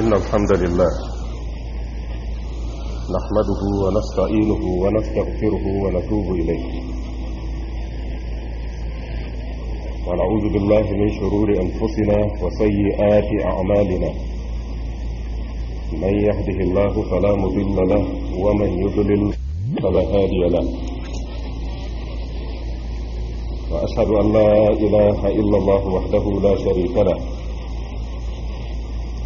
إن الحمد لله نحمده ونستعينه ونستغفره ونتوب إليه ونعوذ بالله من شرور أنفسنا وسيئات أعمالنا من يهده الله فلا مضل له ومن يضلل فلا هادي له وأشهد أن لا إله إلا الله وحده لا شريك له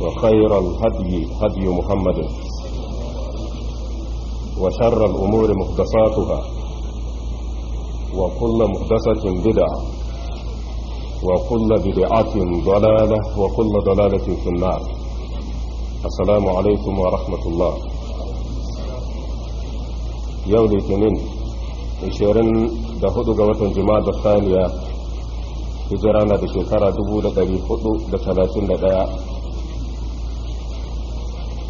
وخير الهدي هدي محمد وشر الأمور مقدساتها وكل مقدسة بدعة وكل بدعة ضلالة وكل ضلالة في النار السلام عليكم ورحمة الله يوم الاثنين 24 ga watan jima'a da saniya hijira دبولة دبولة دبولة 431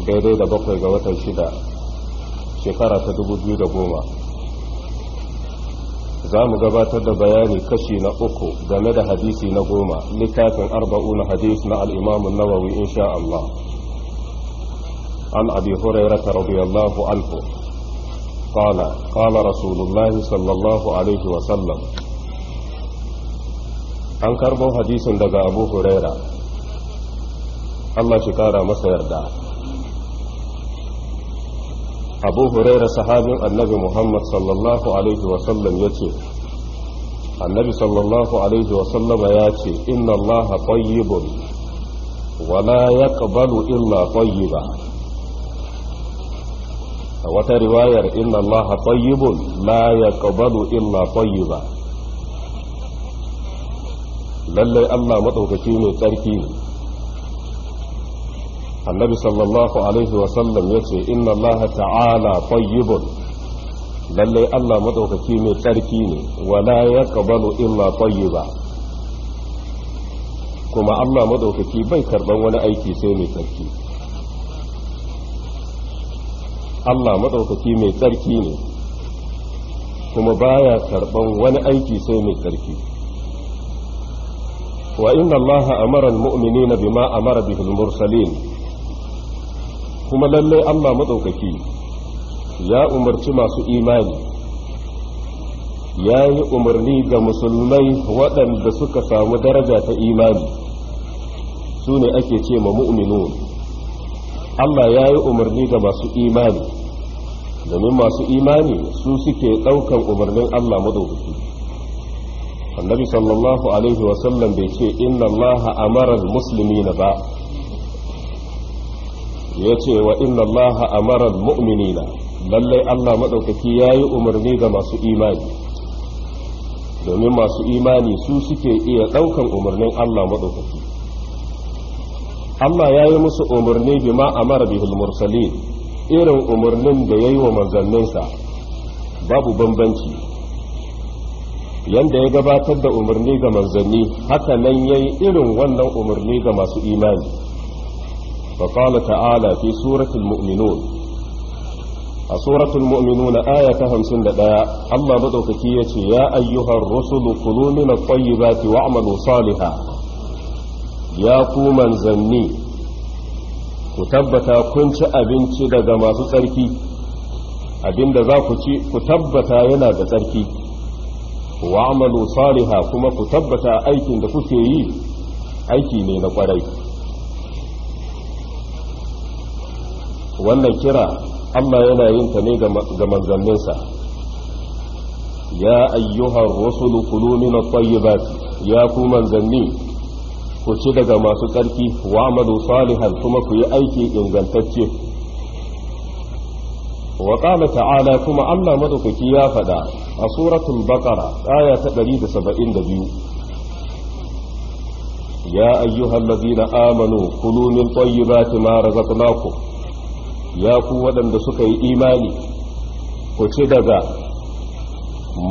daidai da bakwai ga watan shida shekara ta dubu biyu da goma za mu gabatar da bayani kashi na uku game da hadisi na goma littafin arba'un hadis na al'imamun nawawi insha Allah an abi hurairata radiyallahu anhu قال قال رسول الله صلى الله عليه an karbo hadisin daga abu huraira Allah shi kara masa yarda abu huraira sahabin annabi muhammad sallallahu alaihi wasallam ya ce annabi sallallahu alaihi wasallama ya ce inna allaha tayyibun wala yaqbalu illa tayyiba a wata riwayar inna allaha tayyibun la yaqbalu illa tayyiba lallai allah maɗaukaki mai tsarki ne annabi sallallahu alaihi wasallam ya ce inna Allah ta'ala tayyibun lallai Allah madaukaki mai tsarki ne wala ya kabalu illa tayyiba kuma Allah madaukaki bai karban wani aiki sai mai tsarki Allah madaukaki mai tsarki ne kuma baya karban wani aiki sai mai tsarki wa وإن الله أمر المؤمنين بما أمر به المرسلين kuma lallai Allah matsaukaki ya umarci masu imani ya yi umarni ga musulmai waɗanda suka samu daraja ta imani su ne ake ce ma mu'minun Allah ya yi umarni ga masu imani domin masu imani su suke ɗaukan umarnin Allah matsaukaki annabi sallallahu alaihi wasallam bai ce inna Allah amara musulmi na ba ya ce wa inna allaha amara mu'minina lallai allah maɗaukaki ya yi umarni ga masu imani domin masu imani su suke iya ɗaukan umarnin allah maɗaukaki allah ya yi musu umarni bi ma amara bihil mursalin irin umarnin da ya yi wa manzanninsa babu bambanci yanda ya gabatar da umarni ga manzanni haka nan ya yi irin wannan umarni ga masu imani فقال تعالى في سورة a suratulmuminu na aya ta hamsin da ɗaya Allah madaukaki yace ya ayyuhar rusulu kulu min at-tayyibati wa'malu salihan ya kuman manzanni ku tabbata kun ci abinci daga masu tsarki abinda za ku ci ku tabbata yana da tsarki wa'malu salihan kuma ku tabbata aikin da kuke yi aiki ne na kwarai wannan kira Allah yana yin ta ne ga manzanninsa ya ayyuhar wasu kulu min ya ku manzanni ku ci daga masu tsarki wa amalu salihan kuma ku yi aiki ingantacce wa qala ta'ala kuma Allah madaukaki ya faɗa a suratul baqara aya ta 172 Ya أيها الذين Amanu كلوا من طيبات ma رزقناكم ya ku waɗanda suka yi imani ku ci daga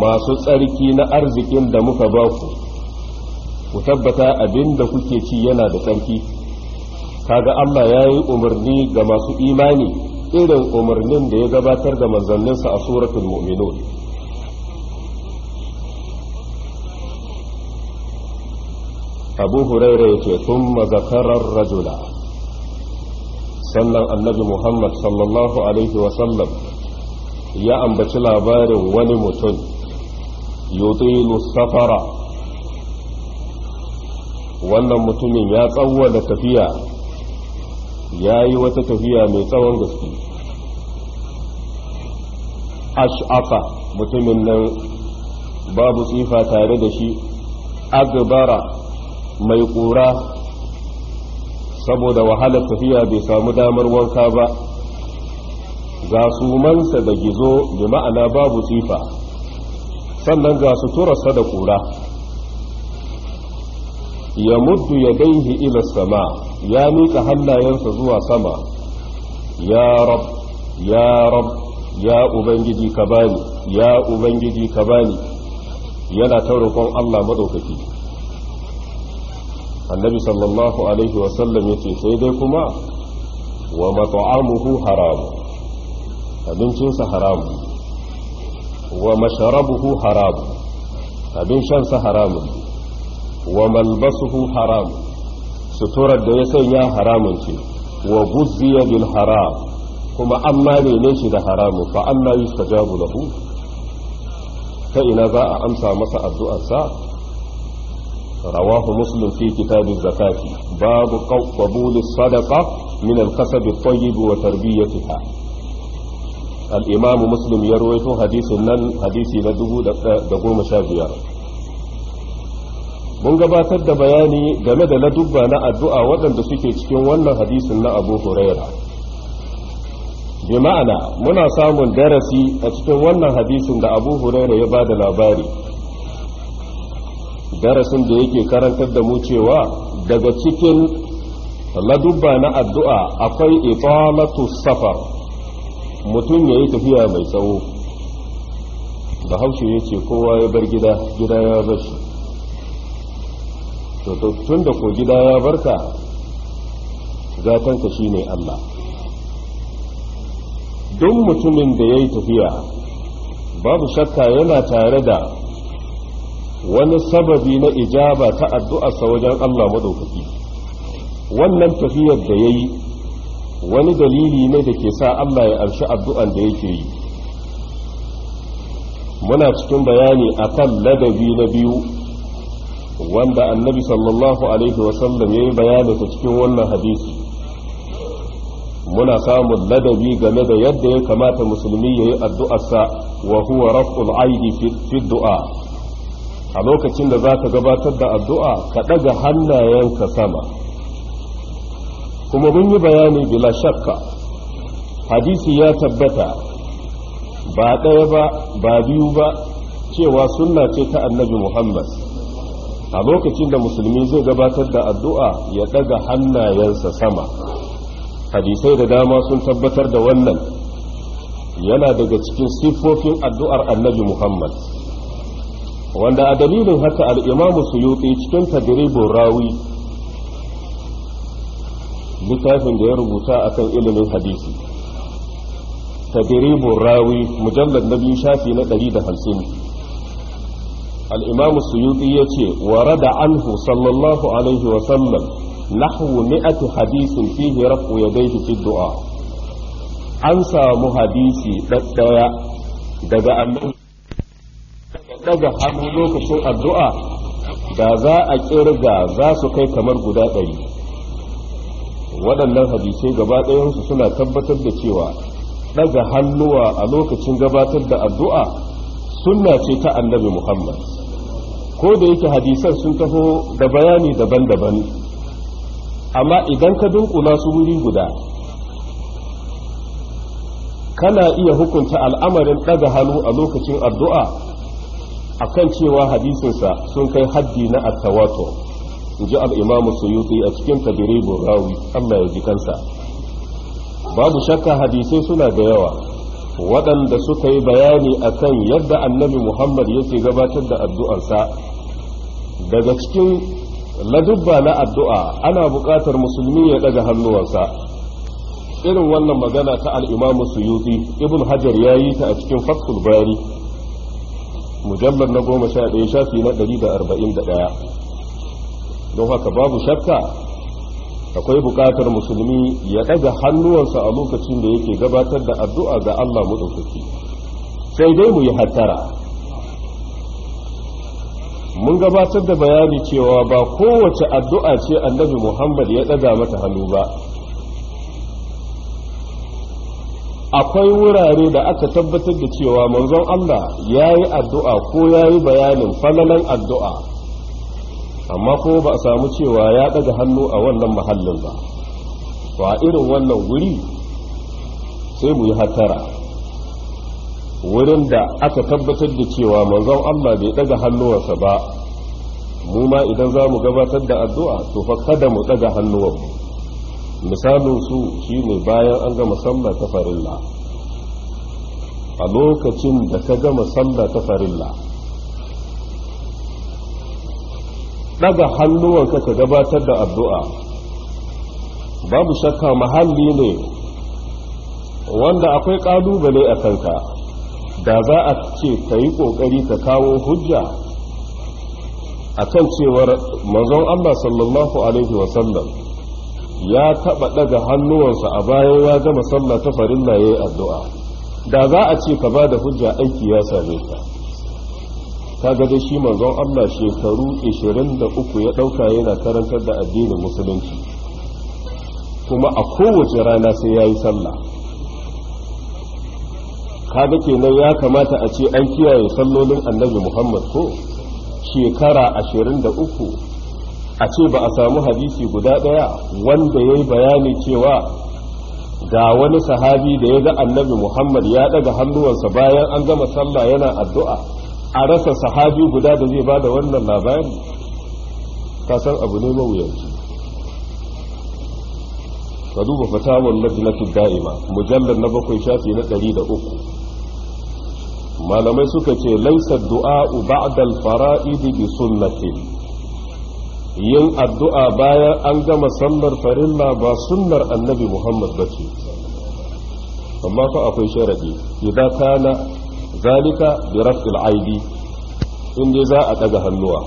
masu tsarki na arzikin da muka ba ku ku tabbata abin da kuke ci yana da tsarki kaga Allah ya yi umarni ga masu imani irin umarnin da ya gabatar da manzanninsa a suratul mu'minun abu huraira ce tun mazakarar rajula sannan annabi muhammad sallallahu alaihi wasallam ya ambaci labarin wani mutum yutilu safara wannan mutumin ya tsawwala tafiya ya yi wata tafiya mai tsawon gaske ash'afa mutumin nan babu tsifa tare da shi agbara mai ƙura saboda wahalar tafiya bai samu damar wanka ba ga sumansa da gizo da ma'ana babu tsifa sannan ga su suturarsa da kura ya muddu ya daihi ila sama ya miƙa hannayensa zuwa sama ya rab ya rab ya ubangiji ka bani ya ubangiji ka bani yana ta Allah maɗaukaki annabi sallallahu alaihi wasallam ya ce sai dai kuma wa mat'amuhu haram abincinsa haramu wa masharabuhu haram abin shansa wa malbasuhu haram suturar da ya sanya haramun ce wa guzziya bil haram kuma an mare ne shi da haramun fa an na yi lahu ta ina za a amsa masa addu'arsa rawahu muslim fi kitabiz zakati babu qabul sadaka min al-kasab at-tayyib wa tarbiyatiha al muslim ya rawaito hadisin nan hadisi na 1015 mun gabatar da bayani game da ladubba na addu'a waɗanda suke cikin wannan hadisin na abu huraira bi ma'ana muna samun darasi a cikin wannan hadisin da abu huraira ya ba da labari darasin da yake karantar da mu cewa daga cikin ladubba na addu'a akwai ifalatu safar mutum ya yi tafiya mai tsawo da haushe ya ce kowa ya bar gida gida ya bar shi tun da ko gida ya barka gatanka shi ne Allah duk mutumin da ya yi tafiya babu shakka yana tare da wani sababi na ijaba ta addu'arsa wajen Allah madaukaki wannan tafiyar da ya yi wani dalili ne da ke sa Allah ya arshi addu'an da yake yi muna cikin bayani a kan ladabi na biyu wanda annabi sallallahu alaihi wasallam ya yi bayani ta cikin wannan hadisi muna samun ladabi game da yadda ya kamata musulmi ya yi addu'arsa wa huwa raf'ul aidi fi du'a a lokacin da za ka gabatar da addu'a ka ɗaga hannayenka sama kuma mun yi bayani bila shakka hadisi ya tabbata ba ɗaya ba ba biyu ba cewa sunna ce ta annabi muhammad a lokacin da musulmi zai gabatar da addu'a ya ɗaga hannayensa sama hadisai da dama sun tabbatar da wannan yana daga cikin siffofin addu'ar annabi muhammad wanda a dalilin haka al'imamu suyuti cikin tajribin rawi littafin da ya rubuta akan ilimin hadisi tajribin rawi mujallar na biyu shafi na 150 da السيوطي ورد عنه ya الله عليه وسلم نحو مئة حديث فيه رفع يديه في الدعاء أنسى محديثي دقاء دقاء ɗaga hannu lokacin addu'a da za a ƙirga za su kai kamar guda ɗari waɗannan hadisai gaba ɗayansu suna tabbatar da cewa ɗaga hannuwa a lokacin gabatar da addu'a sunna ce ta annabi muhammad ko da yake hadisan sun taho da bayani daban-daban amma idan ka dunkula su wuri guda kana iya hukunta al'amarin ɗaga hannu a lokacin addu'a akan cewa hadisinsa sun kai haddi na attawatur in ji al'imamu suyuti a cikin tabirai rawi Allah ya ji kansa babu shakka hadisai suna da yawa waɗanda suka yi bayani akan yadda annabi muhammad yake gabatar da addu'arsa daga cikin ladubba na addu'a ana buƙatar musulmi ya ɗaga hannuwansa irin wannan magana ta al'imamu suyuti ibn hajar ya yi ta a cikin fathul bari mujallar na goma sha ɗaya shafi na ɗari da arba'in da ɗaya don haka babu shakka akwai buƙatar musulmi ya ɗaga hannuwansa a lokacin da yake gabatar da addu'a ga Allah ɗaukaki sai dai mu yi hattara mun gabatar da bayani cewa ba kowace addu'a ce annabi muhammad ya ɗaga mata hannu ba akwai wurare da aka tabbatar da cewa manzon Allah ya yi addu'a ko ya yi bayanin falalan addu'a amma ko ba a samu cewa ya ɗaga hannu a wannan mahallin ba to a irin wannan wuri sai mu yi hatara wurin da aka tabbatar da cewa manzon Allah bai ɗaga hannuwarsa ba mu ma idan za mu gabatar da addu'a to fa kada mu ɗaga hannuwarmu misalin su shi ne bayan an gama sallah ta farilla a lokacin da ka gama sallah ta farilla daga hannuwanka ka gabatar da addu'a babu shakka mahalli ne wanda akwai ƙalubale a kanka da za a ce ka yi ƙoƙari ka kawo hujja a kan cewar manzon Allah sallallahu Alaihi wasallam ya taɓa ɗaga hannuwansa a bayan ya gama sallah ta farilla ya addu'a da za a ce ka bada hujja aiki ya same ka kaga dai shi manzon Allah shekaru 23 ya ɗauka yana karantar da addinin musulunci kuma a kowace rana sai yayi sallah kaga kenan ya kamata a ce an kiyaye sallolin annabi muhammad ko shekara 23 a ce ba a samu hadisi guda ɗaya wanda ya yi bayani cewa ga wani sahabi da ya ga annabi muhammad ya ɗaga hannuwansa bayan an gama sallah yana addu'a a rasa sahabi guda da zai ba da wannan labari san abu ne mawuyanci ka duba fatawar lajinatu da'ima mujallar na bakwai shafi na ɗari da uku malamai suka ce laisa du'a'u ba'dal fara'idi bi sunnatin yin addu'a bayan an gama sallar farilla ba sunnar annabi muhammad ba ce amma fa akwai sharaɗi idan na zalika da raf'il aidi inda za a ɗaga hannuwa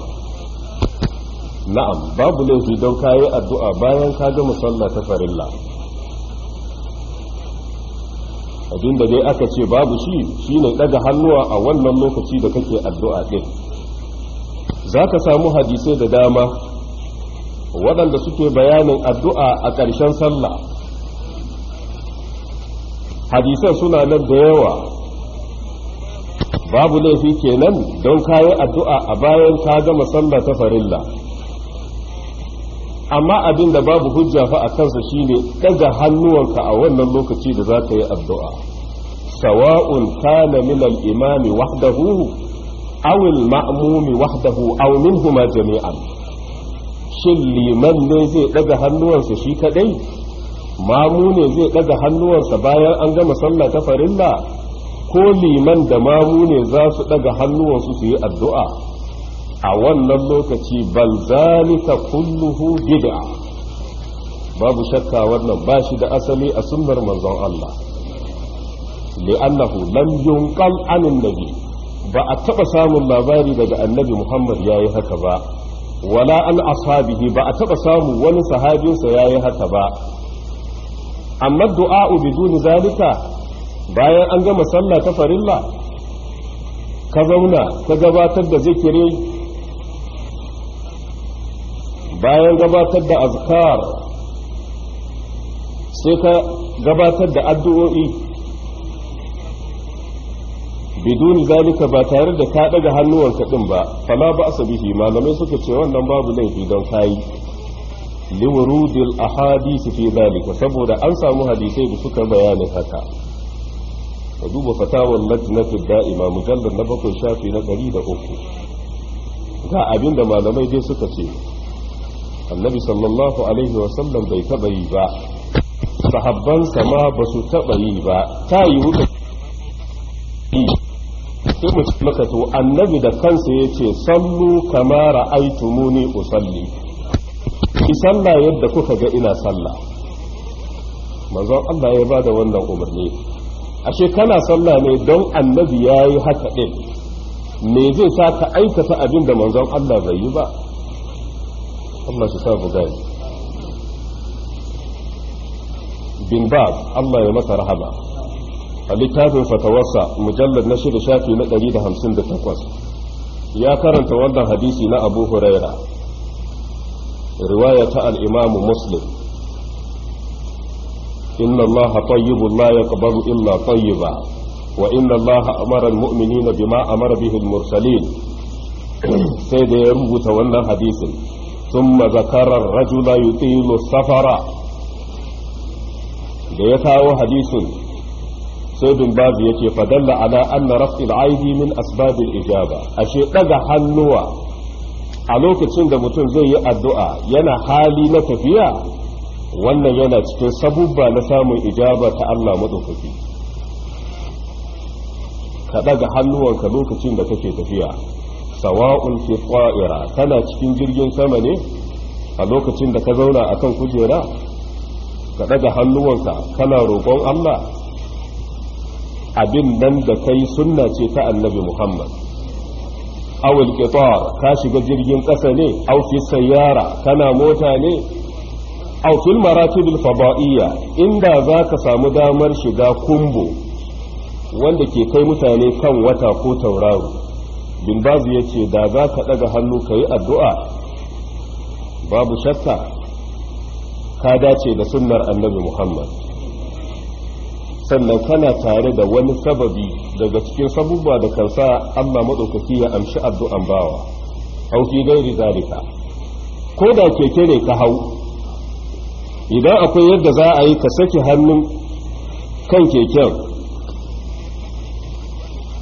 na'am babu laifi don ka yi addu'a bayan ka gama sallah ta farilla da dai aka ce babu shi shine ɗaga hannuwa a wannan lokaci da kake addu'a ɗin za ka samu hadisai da dama waɗanda suke bayanin addu'a a ƙarshen sallah hadisan suna nan da yawa babu laifi kenan don kayi addu'a a bayan ka gama sallah ta farilla amma abin da babu hujja fa a kansa shine ɗaga hannuwanka a wannan lokaci da za ka yi addu'a sawa'un kana min al-imami wahdahu awil ma’amumi mamumi wahdahu aw minhuma jami'an shin liman ne zai daga hannuwansa shi kaɗai? mamu ne zai daga hannuwansa bayan an gama sallah ta farilla ko liman da mamu ne za su daga hannuwansu su yi addu'a a wannan lokaci bal zalika kulluhu bid'a babu shakka wannan ba shi da asali a sunnar manzon Allah li'annahu lam yunqal anin nabi ba a taba samun labari daga annabi Muhammad yayi haka ba wala an ashabihi ba a taba samu wani sahabinsa yayi haka ba amma du'a biduni zalika bayan an gama sallah ta farilla ka zauna ka gabatar da zikiri bayan gabatar da azkar sai ka gabatar da addu'o'i biduni zalika ba tare da ka daga hannuwanka din ba fala ba bihi malamai suka ce wannan babu laifi don kayi liwurudil ahadisi fi zalika saboda an samu hadisai da suka bayanin haka ka duba fatawar lajnatul da'ima mujallar na bakwai shafi na ɗari da uku ga abin da malamai dai suka ce annabi sallallahu alaihi sallam bai taɓa yi ba sahabbansa ma ba su taɓa yi ba ta yi wuka sai mu maka to annabi da kansa ya ce sallu kama muni usalli ki salla yadda kuka ga ina salla manzon Allah ya bada wannan umarni ashe kana salla ne don annabi yayi haka din me zai sa ka aikata abin da manzon Allah bai yi ba Allah shi sa gani bin bab Allah ya masa rahama a littafin fatawarsa mujallar na shirya shafi na 158 ya karanta wannan hadisi na abu huraira riwaya ta al'imamu muslim inna allaha tayyibun la yaqbalu illa tayyiba wa inna allaha amara almu'minina bima amara bihi almursalin sai da ya rubuta wannan hadisin thumma zakara ar-rajula yutilu safara da ya kawo hadisin sai bin ya ce fadalla ala anna raf'il aidi min asbabil ijaba ashe daga hannuwa a lokacin da mutum zai yi addu'a yana hali na tafiya wannan yana cikin sabubba na samun ijaba ta Allah madaukaki ka daga hannuwanka lokacin da kake tafiya sawa'un fi qa'ira kana cikin jirgin sama ne a lokacin da ka zauna akan kujera ka daga hannuwanka kana roƙon Allah abin nan da kai sunna ce ta annabi muhammad awil qitar ka shiga jirgin ƙasa ne aw fi sayyara kana mota ne aw fil maratib al fada'iyya inda zaka samu damar shiga kumbo wanda ke kai mutane kan wata ko tauraro bin bazu yace da za ka daga hannu kai addu'a babu shakka ka dace da sunnar annabi muhammad sannan kana tare da wani sababi daga cikin sabubba da kansa sa Allah madaukaki ya amshi addu'an bawa aw fi zalika ko da keke ne ka hau idan akwai yadda za a yi ka saki hannun kan keken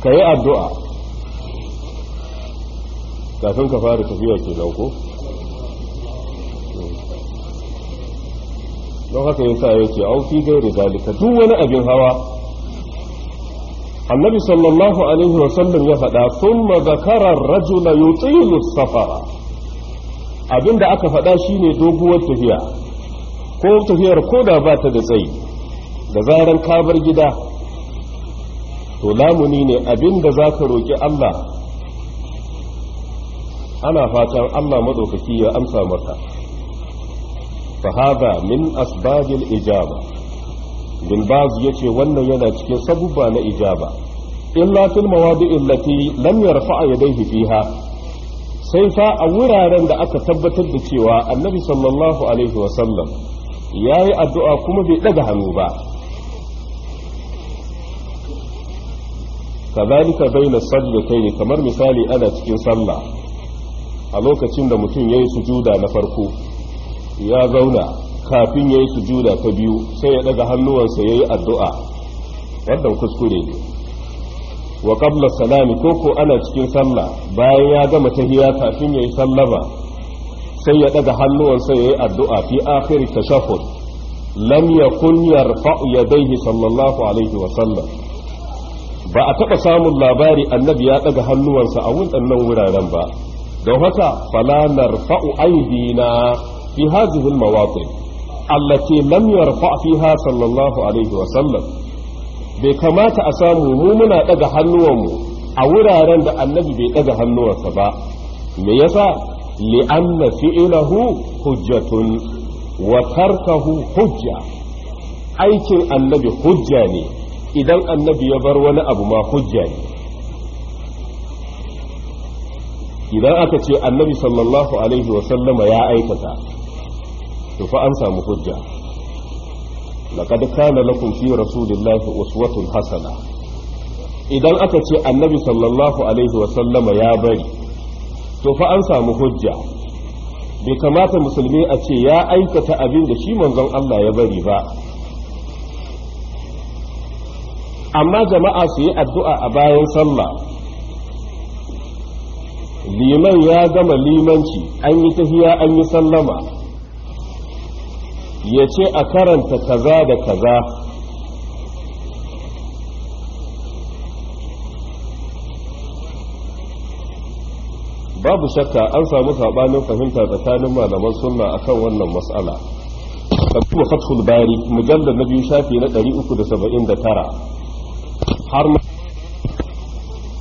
ka yi addu'a kafin ka fara tafiya kenan ko don haka yasa yake au fi gairu zalika duk wani abin hawa annabi sallallahu alaihi wa sallam ya faɗa sun zakara rajula yutilu safara abinda aka faɗa shine doguwar tafiya ko tafiyar koda ba ta da tsayi da zaran ka bar gida to lamuni ne abinda zaka roki Allah ana fatan Allah madaukaki ya amsa maka فهذا من أسباب الإجابة bin bazu ya ce wannan yana cikin sabubba na ijaba illa fil mawadi'in lati lam yarfa'a yadayhi fiha sai fa a wuraren da aka tabbatar da cewa annabi sallallahu alaihi wa sallam yayi addu'a kuma bai ɗaga hannu ba kazalika baina sajdatayn kamar misali ana cikin sallah a lokacin da mutum ya yayi sujuda na farko ya zauna kafin ya yi sujuda ta biyu sai ya daga hannuwansa ya yi addu'a wannan kuskure ne wa qabla salami ko ko ana cikin sallah bayan ya gama tahiya kafin ya yi ba sai ya daga hannuwansa ya yi addu'a fi ta shafon lam ya ya daihi sallallahu alaihi wa sallam ba a taɓa samun labari annabi ya ɗaga hannuwansa a wuɗannan wuraren ba don haka falanar fa'u aidina في هذه المواطن التي لم يرفع فيها صلى الله عليه وسلم bai kamata a samu mu muna ɗaga hannuwanmu a wuraren da annabi bai ɗaga hannuwansa ba me yasa li'anna fi'lahu hujjatun wa tarkahu hujja aikin annabi hujja ne idan annabi ya bar wani abu ma hujja ne idan aka ce annabi sallallahu alaihi sallama ya aikata to fa an samu hujja laqad kana lakum fi rasulillahi uswatun hasana idan aka ce annabi sallallahu alaihi wa sallama ya bari to fa an samu hujja bai kamata musulmi a ce ya aikata abin da shi manzon Allah ya bari ba amma jama'a su yi addu'a a bayan sallah liman ya gama limanci an yi tahiya an yi sallama ya ce a karanta kaza da kaza babu shakka an samu saɓanin fahimta tsakanin malaman sunna akan wannan matsala tafi fathul bari mujallar na biyu shafi na 379 har ma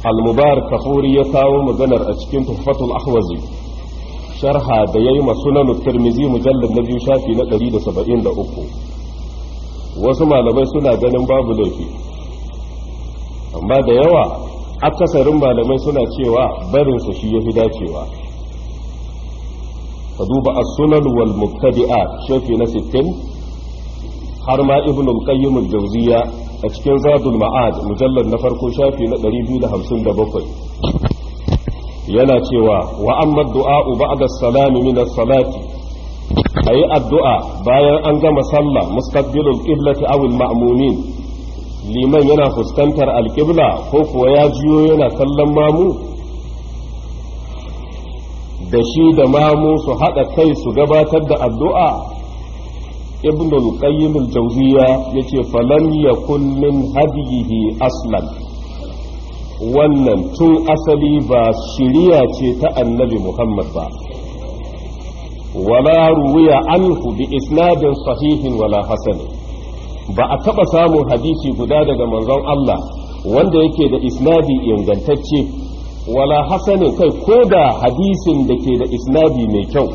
al-mubarak ya kawo maganar a cikin tuhfatul ahwazi sharha da yayi masunan tirmizi mujallar na biyu shafi na 173 wasu malamai suna ganin babu laifi amma da yawa akasarin malamai suna cewa barinsa shi yafi dacewa ka duba as-sunan wal shafi na 60 har ma ibn al-qayyim al a cikin zadul ma'ad mujallar na farko shafi na 257 yana cewa wa amma du'a'u ba'da salami min as-salati ayi addu'a bayan an gama sallah mustaqbilul qiblati aw al-ma'mumin liman yana fuskantar al-qibla ko kuwa ya jiyo yana kallon mamu da shi da mamu su hada kai su gabatar da addu'a Ibnu al-qayyim al jawziya yace falam yakun min hadihi aslan wannan tun asali ba shiriya ce ta annabi muhammad ba wala ruwiya an bi isnadin sahihin wala hasan ba a taɓa samun hadisi guda daga manzon allah wanda yake da isnadi ingantacce wala hasanin kai ko da hadisin da ke da isnadi mai kyau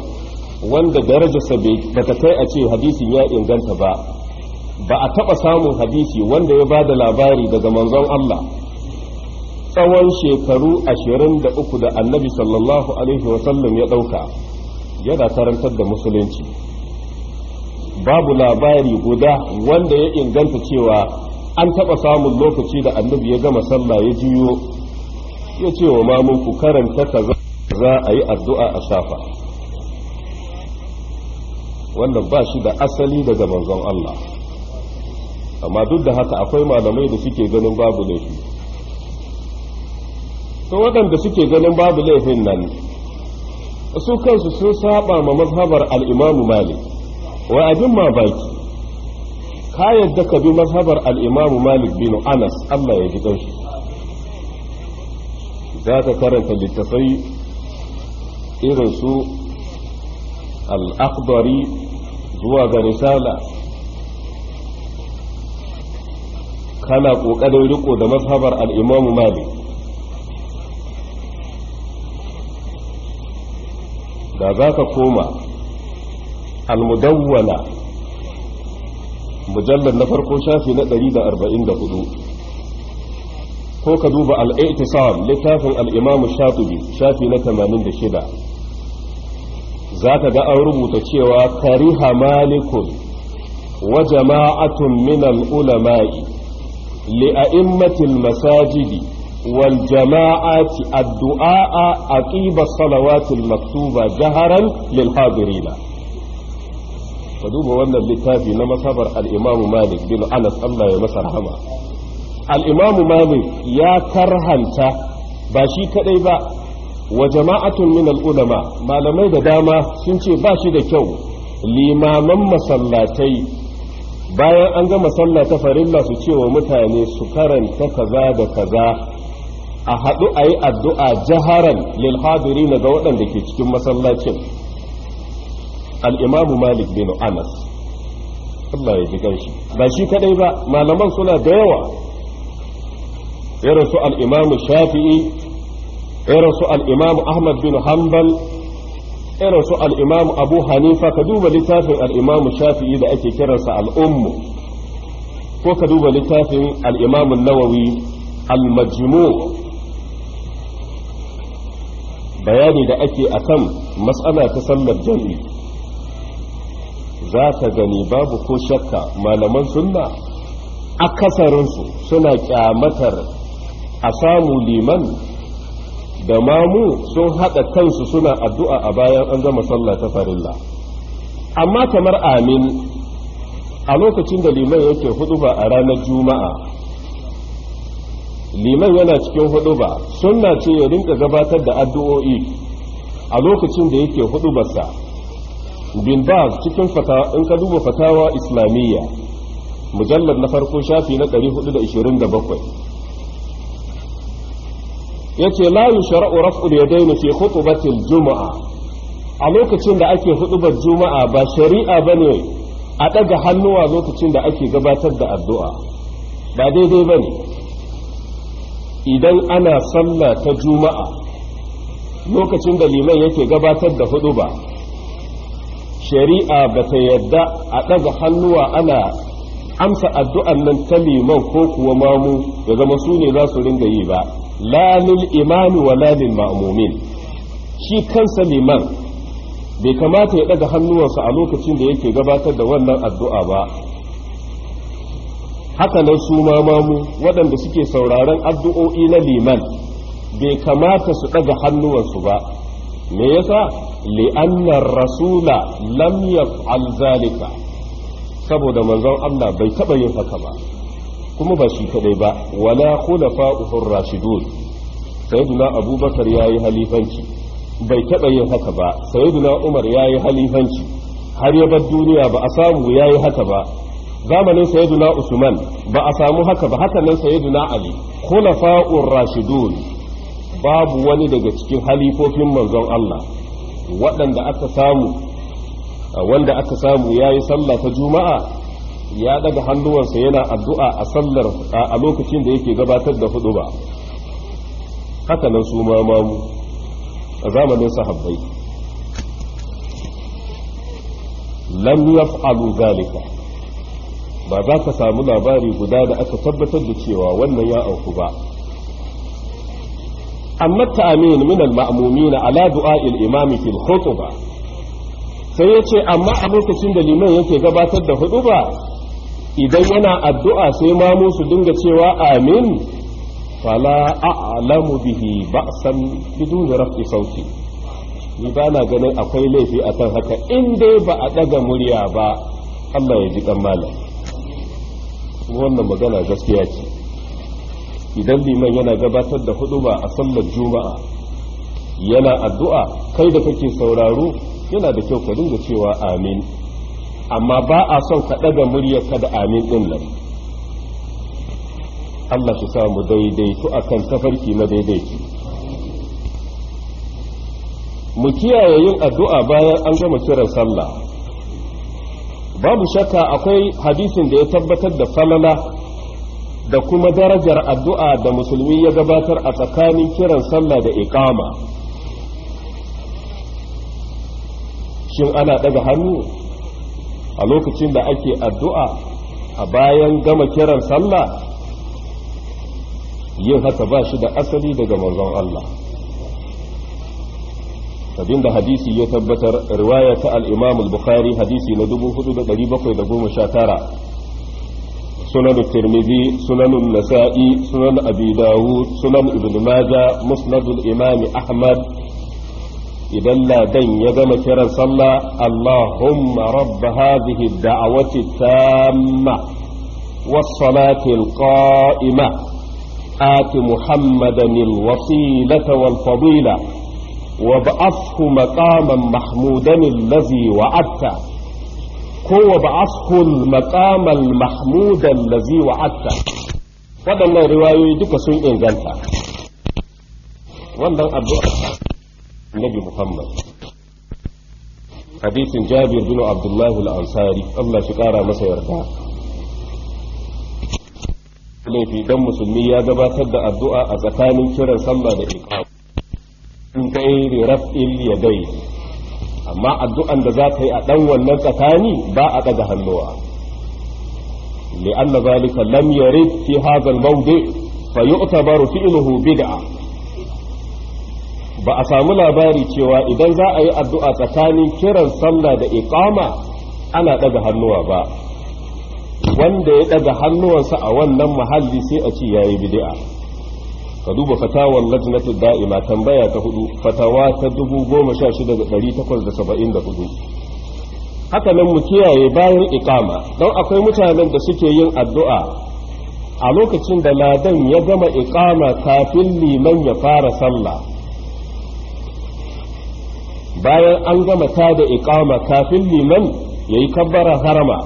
wanda darajarsa ba ta kai a ce hadisin ya inganta ba ba a taɓa samun hadisi wanda ya ba da labari daga manzon Allah tsawon shekaru ashirin da uku da annabi sallallahu alaihi wasallam ya ɗauka yana karantar da musulunci babu labari guda wanda ya inganta cewa an taɓa samun lokaci da annabi ya gama sallah ya juyo ya ce wa mamunku karanta kaza za a yi addu'a a safa wannan ba shi da asali daga manzon Allah amma duk da haka akwai malamai da suke ganin babu laifi su waɗanda suke ganin babu laifin nan su kansu sun saba ma mazhabar al'imamu malik wa abin ma baki ka yadda ka bi mazhabar al'imamu malik bin anas allah ya ji shi za ka karanta littafai irin su al'akbari zuwa ga risala kana ƙoƙarin riko da mazhabar al'imamu malik da za ka koma almudawwana mujallar na farko shafi na 144 ko ka duba al'aitisam littafin al'imamu shafi shafi na 86 za ka ga an rubuta cewa kariha malikun wa jama'atun minal ulama'i li'a'immatil masajidi wal ci addu'a a aqiba Salawatul maktuba jaharan lil hadirina ka duba wannan littafi na masabar al Malik bin Anas Allah ya masa rahama al-Imam Malik ya karhanta ba shi kadai ba wa jama'atun min al-ulama malamai da dama sun ce ba shi da kyau limaman masallatai bayan an gama sallah ta farilla su ce wa mutane su karanta kaza da kaza a haɗu a yi addu'a jaharan lil na ga waɗanda ke cikin masallacin al'imamu malik bin anas Allah ya ji ganshi ba shi kadai ba malaman suna da yawa irin su al'imamu shafi'i irin su al'imamu ahmad bin hanbal irin su al'imamu abu hanifa ka duba littafin al'imamu shafi'i da ake kiransa al'ummu ko ka duba littafin al'imamu nawawi al-majmu' bayani da ake a kan matsala ta sallar jam'i za ka gani babu ko shakka malaman sunna akasarinsu suna kyamatar a samu liman da mamu sun haɗa kansu suna addu'a a bayan an gama sallah ta farilla amma kamar amin a lokacin da liman yake hudu ba a ranar juma'a liman yana cikin hudu ba sunna ce ya rinka gabatar da addu'o'i a lokacin da yake hudu basa bin ba cikin in ka duba fatawa islamiyya mujallar na farko shafi na 427 yace la yushra'u raf'u yadayni fi al juma'a a lokacin da ake hudubar juma'a ba shari'a bane a daga hannuwa lokacin da ake gabatar da addu'a ba daidai bane idan ana sallah ta juma'a lokacin da liman yake gabatar da hudu ba shari'a ba ta yadda a ɗaga hannuwa ana amsa addu'an nan ta liman ko kuwa mamu ya zama su ne za su ringa yi ba lalil imami wa lalil ma'amumin shi kansa liman bai kamata ya ɗaga hannuwansa a lokacin da yake gabatar da wannan addu'a ba haka nan su ma mamu waɗanda suke sauraron addu'o'i na liman bai kamata su ɗaga hannuwansu ba me yasa li'annar rasula lam yaf'al zalika saboda manzon Allah bai taɓa yin haka ba kuma ba shi kadai ba wala khulafa'ur rashidun sayyiduna abubakar yayi halifanci bai taɓa yin haka ba sayyiduna umar yayi halifanci har ya bar duniya ba a samu yayi haka ba zamanin sayyiduna usman ba a samu haka ba haka nan sayyiduna ali khulafa'ur rashidun babu wani daga cikin halifofin manzon Allah waɗanda aka samu wanda aka samu yayi sallah ta juma'a ya daga hannuwansa yana addu'a a sallar a lokacin da yake gabatar da hudu ba haka nan su ma mamu a zamanin sahabbai lam yaf'alu zalika ba za ka samu labari guda da aka tabbatar da cewa wannan ya auku ba amma ta'amin min al-ma'mumin ala du'a al-imam fi al sai yace amma a lokacin da liman yake gabatar da ba idan yana addu'a sai mamu su dinga cewa amin fala a'lamu bihi ba'san bidun rafi sauti ni ba na ganin akwai laifi a kan haka in dai ba a daga murya ba Allah ya ji kan malam kuma wannan magana gaskiya ce idan liman yana gabatar da huduba a sallar juma'a yana addu'a kai da kake sauraro yana da kyau ka dinga cewa amin amma ba a son ka ɗaga muryarka da amin ɗin nan Allah shi samu daidaitu a kan tafarki na daidaitu mu kiyaye yin addu'a bayan an gama kiran sallah babu shakka akwai hadisin da ya tabbatar da falala da kuma darajar addu'a da musulmi ya gabatar a tsakanin kiran sallah da ikama, shin ana daga hannu a lokacin da ake addu'a a bayan gama kiran sallah yin haka ba shi da asali daga manzon Allah abinda hadisi ya tabbatar riwaya ta al-Imam al-Bukhari hadisi na 4719 sunan Tirmidhi sunan Nasa'i sunan Abi Dawud sunan Ibn Majah musnad al-Imam Ahmad idan ladan ya gama kiran sallah Allahumma rabb hadhihi ad-da'wati tamma والصلاة القائمة آت محمدا الوسيلة والفضيلة وبعثه مقاما محمودا الذي وعدت كو بعثه المقام المحمودا الذي وعدت الله رواية دكا سوء انجلتا وندن أبو النبي محمد حديث جابر بن عبد الله الأنصاري الله شكارا مسا يرضى في دم سمية قبا تبدأ الدعاء أزكاني كرا سمى لإقامة min gairi ya dai, amma addu'an da za ka yi a ɗan wannan tsakani ba a ɗaga hannuwa Me zalika lam yarid fi hadha al-mawdi fa yu'tabaru fi'luhu bid'a ba a samu labari cewa idan za a yi addu'a tsakanin kiran sallah da iqama ana ɗaga hannuwa ba wanda ya ɗaga hannuwansa a wannan mahalli sai a ce yayi bid'a ka duba fatawar lajnatu da'ima tambaya ta hudu fatawa ta hudu. haka nan mu kiyaye bayan iqama don akwai mutanen da suke yin addu'a a lokacin da ladan ya gama iqama kafin liman ya fara sallah bayan an gama ta da iqama kafin liman yayi kabbara harama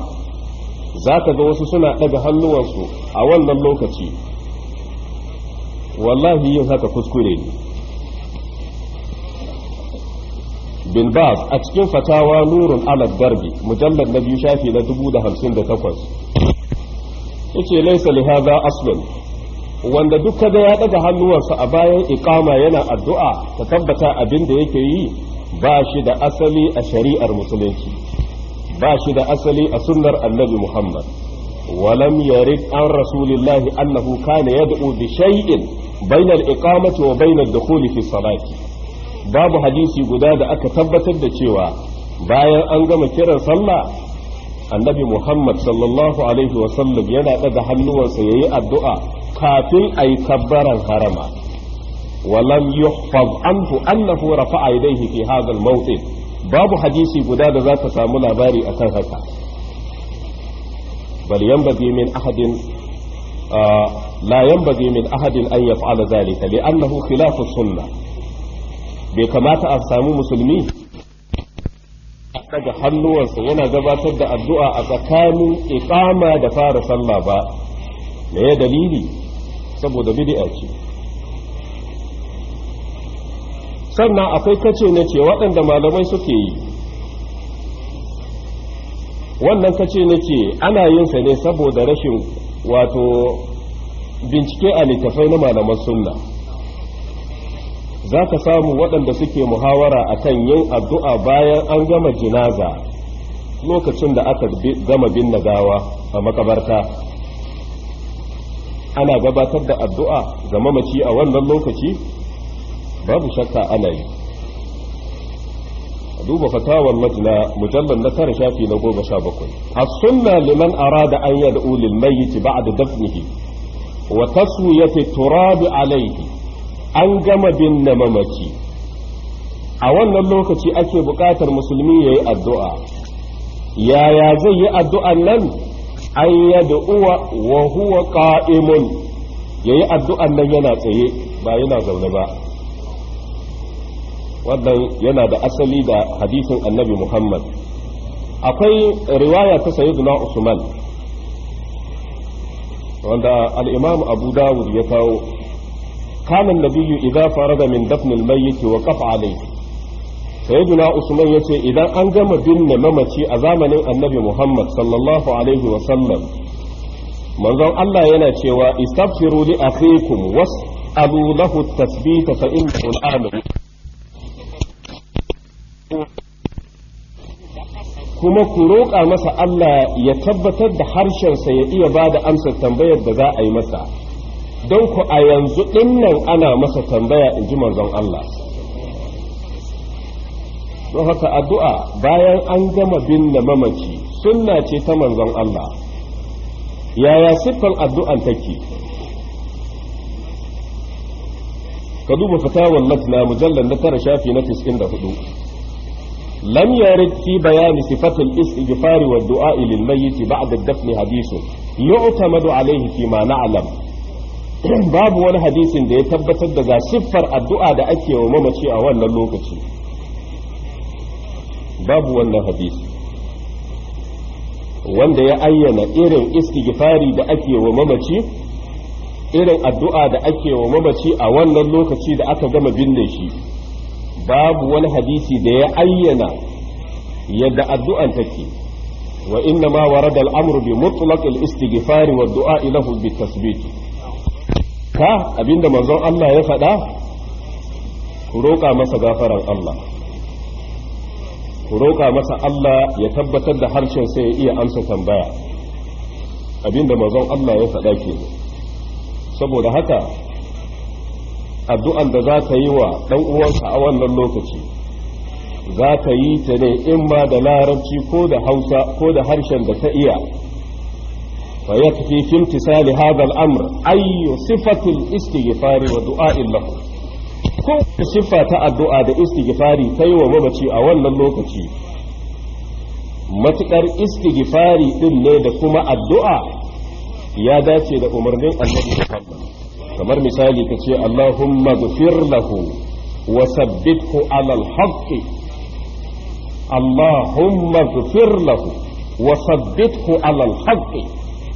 zaka ga wasu suna ɗaga hannuwansu a wannan lokaci wallahi yin haka kuskure ne bin baz a cikin fatawa nurun alad darbi mujallar na biyu shafi na 1058 ce laisa lihaza aslun wanda duk da ya daga hannuwansa a bayan iƙama yana addu'a ta tabbata abin da yake yi ba shi da asali a shari'ar musulunci ba shi da asali a sunnar annabi muhammad ولم يرد عن رسول الله أنه كان يدعو بشيء bainar iqamati wa bainar dukhuli fi salati babu hadisi guda da aka tabbatar da cewa bayan an gama kiran sallah annabi Muhammad sallallahu yana daga hannuwansa yayi addu'a kafin ayi tabbaran harama walam yuhfaz anhu annahu rafa'a yadayhi fi hadha al-mawqif babu hadisi guda da za ta samu labari akan haka bal yanbaghi min ahadin la yanbaghi min ahadin an yaf'ala zalika li'annahu khilafu sunna. bai kamata a samu musulmi daga hannuwansa yana gabatar da addu'a a tsakanin iqama da fara sallah ba me ya dalili saboda bid'a ce sannan akwai kace na ce waɗanda malamai suke yi wannan kace na ce ana yin sa ne saboda rashin wato bincike a littafai na malaman sunna za ka samu waɗanda suke muhawara a kan yin addu'a bayan an gama jinaza lokacin da aka gama binne gawa a makabarta ana gabatar da addu'a ga mamaci a wannan lokaci babu shakka ana yi duba fatawar majina mujallar na tara shafi na goma sha bakwai as-sunna liman arada an yad'u lil mayyit ba'da dafnihi wa fi turabi alayhi an gama binne mamaci a wannan lokaci ake buƙatar musulmi yayi addu'a yaya zai yi addu'an nan an yad'uwa wa huwa ya yayi addu'an nan yana tsaye ba yana zaune ba wannan yana da asali da hadisin annabi muhammad akwai riwaya ta sayyiduna usman wanda al'imam abu dawud ya kawo kanan nabiyu idan da min dafnil mayyiti wa kafa alaihi sayyiduna usman ya ce idan an gama binne mamaci a zamanin annabi muhammad sallallahu alaihi wasallam manzon allah yana cewa istafsiru li akhikum was'alu lahu tasbita fa innahu kuma ku roƙa masa Allah ya tabbatar da harshensa ya iya ba da amsar tambayar da za a yi masa don ku a yanzu ɗinnan ana masa tambaya in ji manzon Allah don haka addu'a bayan an gama binne mamaci sunna ce ta manzon Allah yaya siffar addu'an take ka duba fatawar na mujallar na tara shafi na 94 لم يرد في بيان صفة الاستغفار والدعاء للميت بعد الدفن حديث يعتمد عليه فيما نعلم babu wani hadisin da ya tabbatar da ga siffar addu'a da ake wa mamaci a wannan lokaci babu wannan hadisi wanda ya ayyana irin istighfari da ake wa mamaci irin addu'a da ake wa mamaci a wannan lokaci da aka gama binne shi babu wani hadisi da ya ayyana yadda addu'an take wa inna ma warada al'amru bi mutlaq al-istighfar wa du'a lahu bi tasbih ka abinda manzon Allah ya faɗa ku roƙa masa gafaran Allah ku roƙa masa Allah ya tabbatar da harshen sai ya iya amsa tambaya abinda manzon Allah ya faɗa ke saboda haka addu'an da za ta yi wa ɗan uwanka a wannan lokaci za ta yi ta ne in ma da larabci ko da hausa ko da harshen da ta iya fa ya fi fimtisali hadha al-amr ayyu sifatul istighfari wa du'a'in lahu ko sifa ta addu'a da istighfari yi wa mamaci a wannan lokaci matukar istighfari din ne da kuma addu'a ya dace da umarnin annabi Muhammad kamar misali ka ce Allahumma gufir lahu wa sabbithu ala Allahumma gufir lahu wa sabbithu ala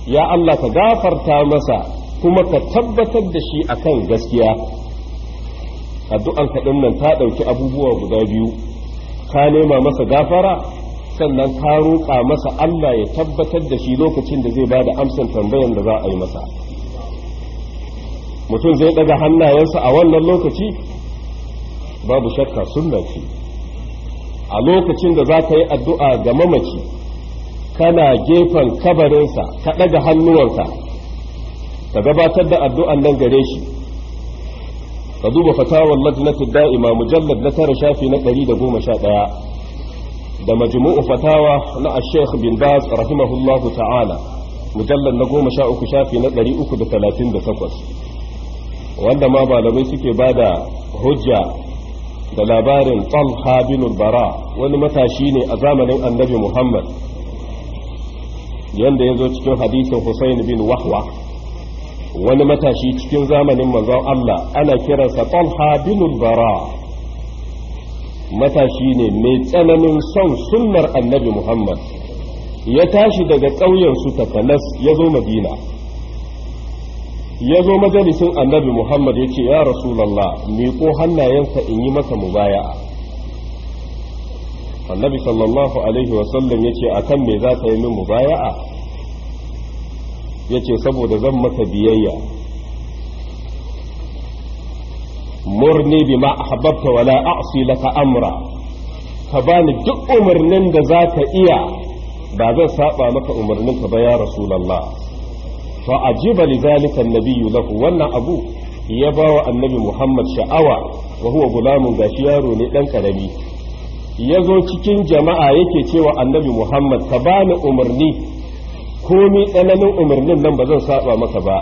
ya Allah ka gafarta masa kuma ka tabbatar da shi akan gaskiya addu'an ka nan ta ɗauki abubuwa guda biyu ka nema masa gafara sannan ka roƙa masa Allah ya tabbatar da shi lokacin da zai bada amsan tambayar da za a yi masa mutum zai daga hannayensa a wannan lokaci babu shakka sunna ce a lokacin da za ka yi addu'a ga mamaci kana gefen kabarinsa ka daga hannuwanka ka gabatar da addu'an nan gare shi ka duba fatawar lajnatu da'ima mujallar na tara shafi na 111 da majmu'u fatawa na ash-sheikh bin baz rahimahullahu ta'ala mujallar na 13 shafi na 338 wanda ma malamai suke ba da hujja da labarin talha bin bara wani matashi ne a zamanin annabi muhammad yanda ya zo cikin hadisin husain bin wahwa wani matashi cikin zamanin manzon allah ana kiransa talha bin bara matashi ne mai tsananin son sunnar annabi muhammad ya tashi daga ƙauyensu tafanas ya zo madina ya zo majalisin annabi muhammad ya ce ya rasulallah miƙo hannayensa in yi masa mubaya'a annabi sallallahu alaihi wasallam ya ce a kan me za ka yi min mubaya'a ya ce saboda zan maka biyayya murni bi ma wala a'si laka amra ka bani duk umarnin da za ka iya ba zan saba maka umarninka ba ya rasulallah fa ajiba li zalika annabiyyu lahu wannan abu ya bawa annabi Muhammad sha'awa wa huwa gulamun yaro ne dan karami ya zo cikin jama'a yake cewa annabi Muhammad ka bani umarni komi tsananin umarnin nan ba zan saba maka ba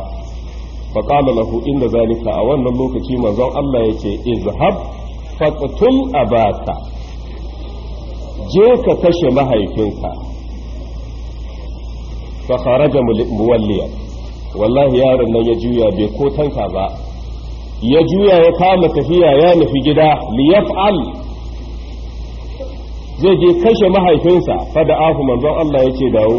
fa qala lahu inda zalika a wannan lokaci manzon Allah yake izhab faqtul abaka je ka kashe mahaifinka fa kharaja muwalliya wallahi yaron nan ya juya bai ko tanka ba ya juya ya kama tafiya ya nufi gida liyaf'al zai je kashe mahaifinsa fada ahu manzon Allah ya ce dawo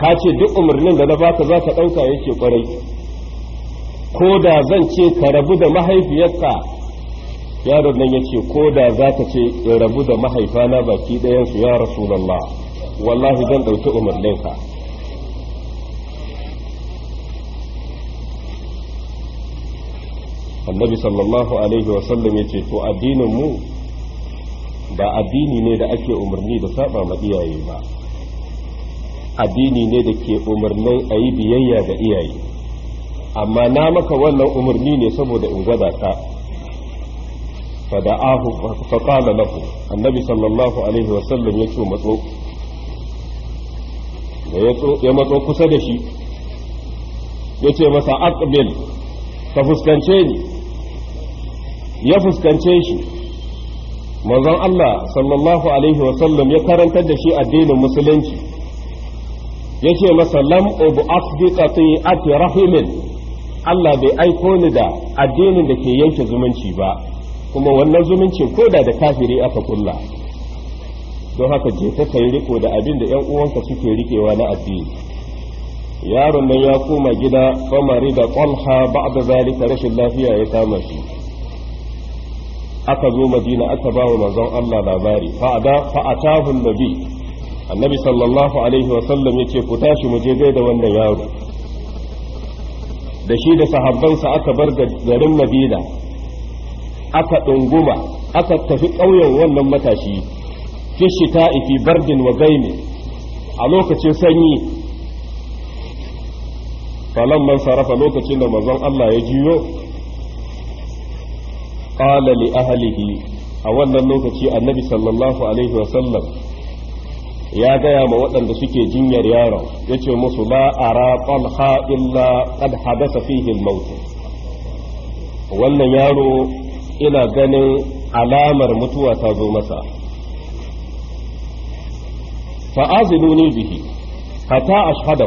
ka ce duk umarnin da na baka za ka ɗauka yake kwarai ko da zan ce ka rabu da mahaifiyarka yaron nan ya ce ko da za ka ce rabu da mahaifana baki ɗayansu ya rasulallah wallahi zan ɗauki umarninka annabi sallallahu alaihi wasallam ya ce to addininmu ba addini ne da ake umarni da saba ma iyaye ba addini ne da ke umarnin a yi biyayya ga iyaye amma na maka wannan umarni ne saboda in gwada ka fada'ahu faqala lahu annabi sallallahu alaihi wasallam ya ce matso ya matso kusa da shi ya ce masa aqbil ka fuskance ni ya fuskance shi manzon Allah sallallahu alaihi wa sallam ya karantar da shi addinin musulunci ya ce masa lam ubu asbiqati ati rahimin Allah bai aiko ni da addinin da ke yanke zumunci ba kuma wannan zumuncin koda da kafiri aka kulla don haka je ta kai riko da abin da 'yan uwanka suke rikewa na addini yaron nan ya koma gida famari da ƙwalha ba'da zalika rashin lafiya ya kama shi aka zo madina aka ba wa manzon Allah labari fa'ada fa'atahu nabi annabi sallallahu alaihi wa sallam yace ku tashi mu je gaida wannan yaro da shi da sahabbansa aka bar garin madina aka ɗunguma aka tafi ƙauyen wannan matashi fi shita'i fi bardin wa zaimi a lokacin sanyi falan man sarrafa lokacin da manzon Allah ya jiyo qala li ahlihi a wannan lokaci annabi sallallahu alaihi wa sallam ya gaya ma waɗanda suke jinyar yaron ya ce musu la ara talha illa qad hadasa fihi wannan yaro ina ganin alamar mutuwa ta zo masa fa'aziluni bihi kata ashada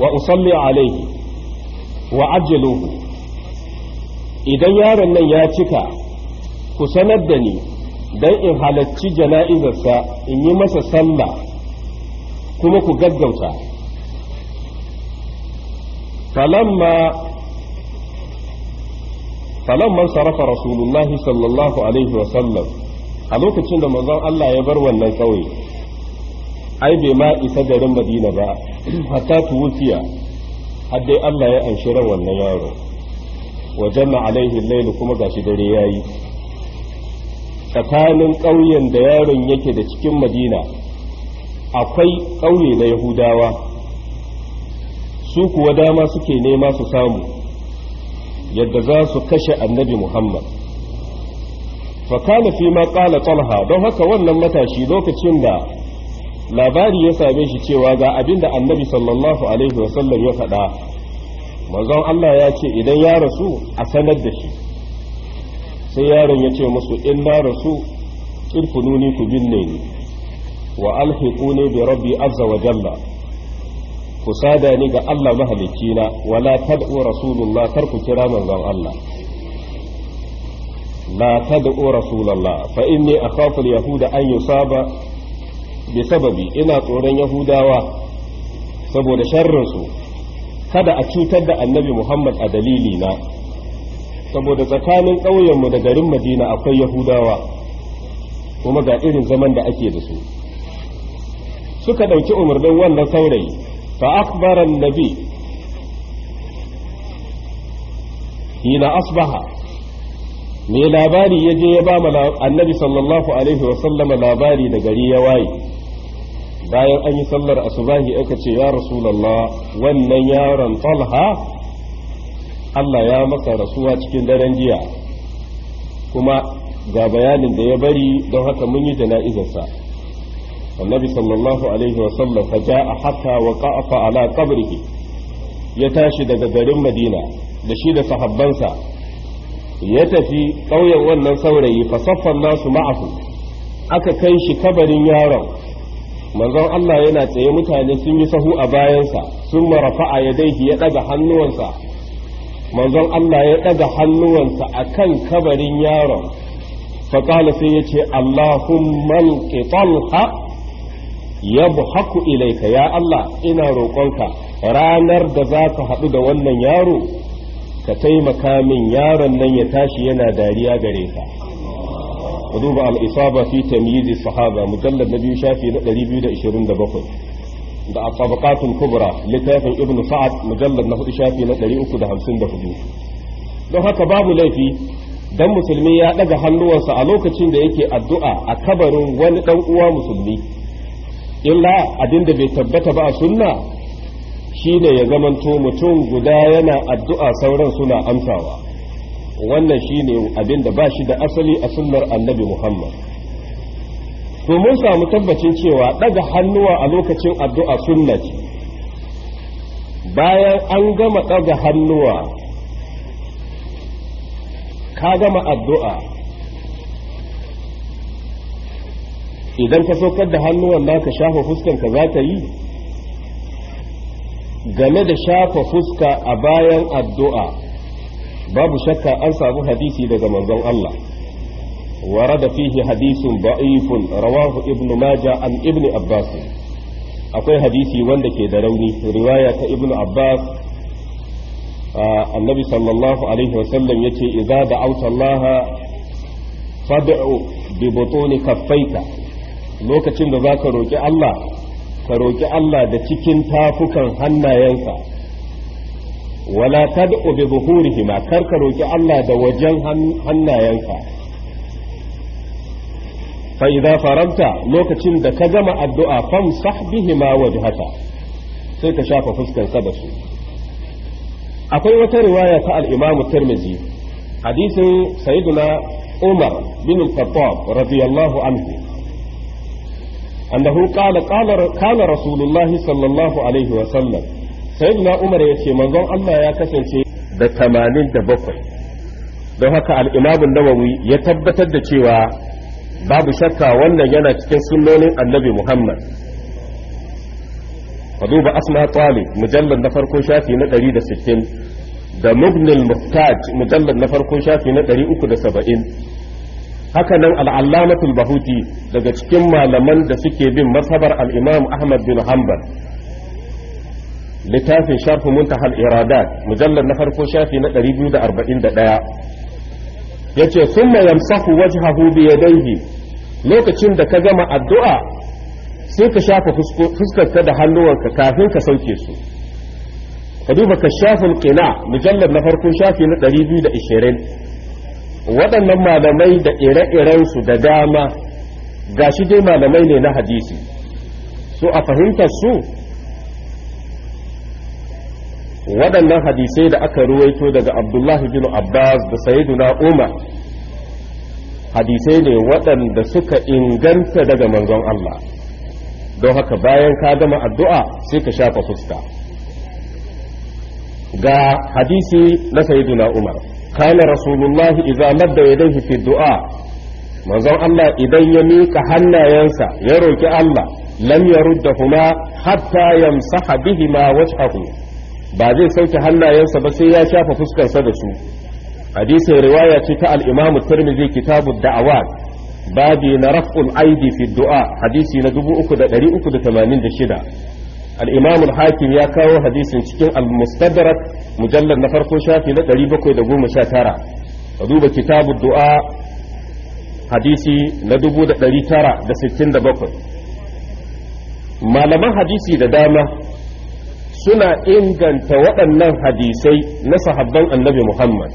wa usalli alaihi wa ajjaluhu idan yaron nan ya cika ku sanar da ni don in halarci jana'izarsa in yi masa sallah kuma ku gaggauta falamma falamman sarrafa rasulullahi sallallahu alaihi wasallam a lokacin da manzon Allah ya bar wannan sauyi. ai bai ma isa garin madina ba hatta tuwufiya har dai Allah ya anshi ran wannan yaro wa janna alaihi Lailu kuma gashi dare yayi tsakanin ƙauyen da yaron yake da cikin madina akwai ƙauye da yahudawa su kuwa dama suke nema su samu yadda za su kashe annabi muhammad kana fi ma ƙala talha don haka wannan matashi lokacin da labari ya same shi cewa ga abin da annabi sallallahu alaihi wasallam ya faɗa manzon Allah ya ce idan ya rasu a sanar da shi sai yaron ya ce musu in na rasu irfununi ku binne ni wa alhiquni bi rabbi azza wa jalla ku sada ni ga Allah wa wala tad'u rasulullah kar ku kira manzon Allah la tad'u rasulullah fa inni akhafu al-yahuda an yusaba bi sababi ina tsoron yahudawa saboda sharrinsu kada a cutar da annabi muhammad a dalili na saboda tsakanin ƙauyenmu da garin madina akwai yahudawa kuma ga irin zaman da ake da su suka ɗauki umarnin wannan saurayi fa akbaran nabi hina asbaha mai labari ya je ya ba annabi sallallahu alaihi wasallama labari da gari ya waye bayan an yi sallar asubahi aka ce ya rasulallah wannan yaron talha Allah ya masa rasuwa cikin daren jiya kuma ga bayanin da ya bari don haka mun yi jana'izarsa annabi sallallahu alaihi wa sallam fa ja'a hatta wa qa'afa ala qabrihi ya tashi daga garin Madina da shi da sahabbansa ya tafi ƙauyen wannan saurayi fa saffan nasu ma'ahu aka kai shi kabarin yaron manzon Allah yana tsaye mutane sun yi sahu a bayansa sun marafa'a ya daiki ya ɗaga hannuwansa manzon Allah ya ɗaga hannuwansa a kan kabarin yaron faƙala sai ya ce Allahumman ƙitalha ya haku ilaika ya Allah ina roƙonka ranar da za ka haɗu da wannan yaro ka taimaka min yaron nan ya tashi yana dariya gare ka ka duba al-isaba fi tamyiz sahaba mujallar na biyu shafi na 227 da at kubra littafin ibnu sa'ad mujallar na hudu shafi na 354 don haka babu laifi dan musulmi ya daga hannuwansa a lokacin da yake addu'a a kabarin wani dan uwa musulmi illa abinda bai tabbata ba a sunna shine ya zamanto mutum guda yana addu'a sauran suna amsawa wannan shine abin da ba shi da asali a sunnar annabi muhammad to mun samu tabbacin cewa daga hannuwa a lokacin addu'a sunna ce bayan an gama daga hannuwa ka gama addu'a idan ka saukar da hannuwan naka shafa fuskanka za ka yi game da shafa fuska a bayan addu'a babu shakka an samu hadisi daga manzon Allah ورد فيه حديث ضعيف رواه ابن ماجه عن ابن عباس akwai hadisi wanda ke da rauni riwaya ta ibnu abbas annabi sallallahu alaihi wasallam yace idza da allah fad'u bi butuni kaffaika lokacin da zaka roki allah ka roki allah da cikin tafukan hannayenka wala tad'u bi zuhurihima karka roki Allah da wajen hannayenka fa idza faranta lokacin da ka gama addu'a famsah bihima wajhaka sai ka shafa fuskar ka su akwai wata riwaya ta al-Imam Tirmidhi hadisin sayyiduna Umar bin Khattab radiyallahu anhu annahu qala rasulullahi sallallahu alaihi wa sallam Sai umar ya ce manzon Allah ya kasance da tamanin da bakwai don haka al'imamun nawawi ya tabbatar da cewa babu shakka wannan yana cikin sunnonin annabi muhammad ka duba asma talib mujallar na farko shafi na 160 da mubnil muhtaj mujallar na farko shafi na 370 hakanan al'allamatul bahuti daga cikin malaman da suke bin masabar al'imam ahmad bin hanbal littafin sharhu muntahal iradat mujallar na farko shafi na 241 yace summa yamsahu wajhahu bi yadayhi lokacin da ka gama addu'a sai ka shafa fuskarka da hannuwanka kafin ka sauke su ka duba ka shafin qina mujallar na farko shafi na 220 waɗannan malamai da ire iren su da dama gashi dai malamai ne na hadisi su a fahimtar su waɗannan hadisai da aka ruwaito daga abdullahi bin abbas da sayyiduna umar hadisai ne waɗanda suka inganta daga manzon Allah don haka bayan ka gama addu'a sai ka shafa fuska ga hadisi na sayyiduna umar kana rasulullahi idza madda yadayhi fi du'a manzon Allah idan ya mika hannayensa ya roki Allah lam yaruddahuma hatta yamsaha bihima wajhahu ba zai sauke hannayensa ba sai ya shafa fuskarsa da su hadisin riwaya ce ta al-imam tirmidhi kitabu da'awat babi na raf'ul aidi fi du'a hadisi na 3386 al hakim ya kawo hadisin cikin al-mustadrak mujallad na farko shafi na 719 ka duba kitabu du'a hadisi na 1967 malaman hadisi da dama suna inganta waɗannan hadisai na sahabban annabi Muhammad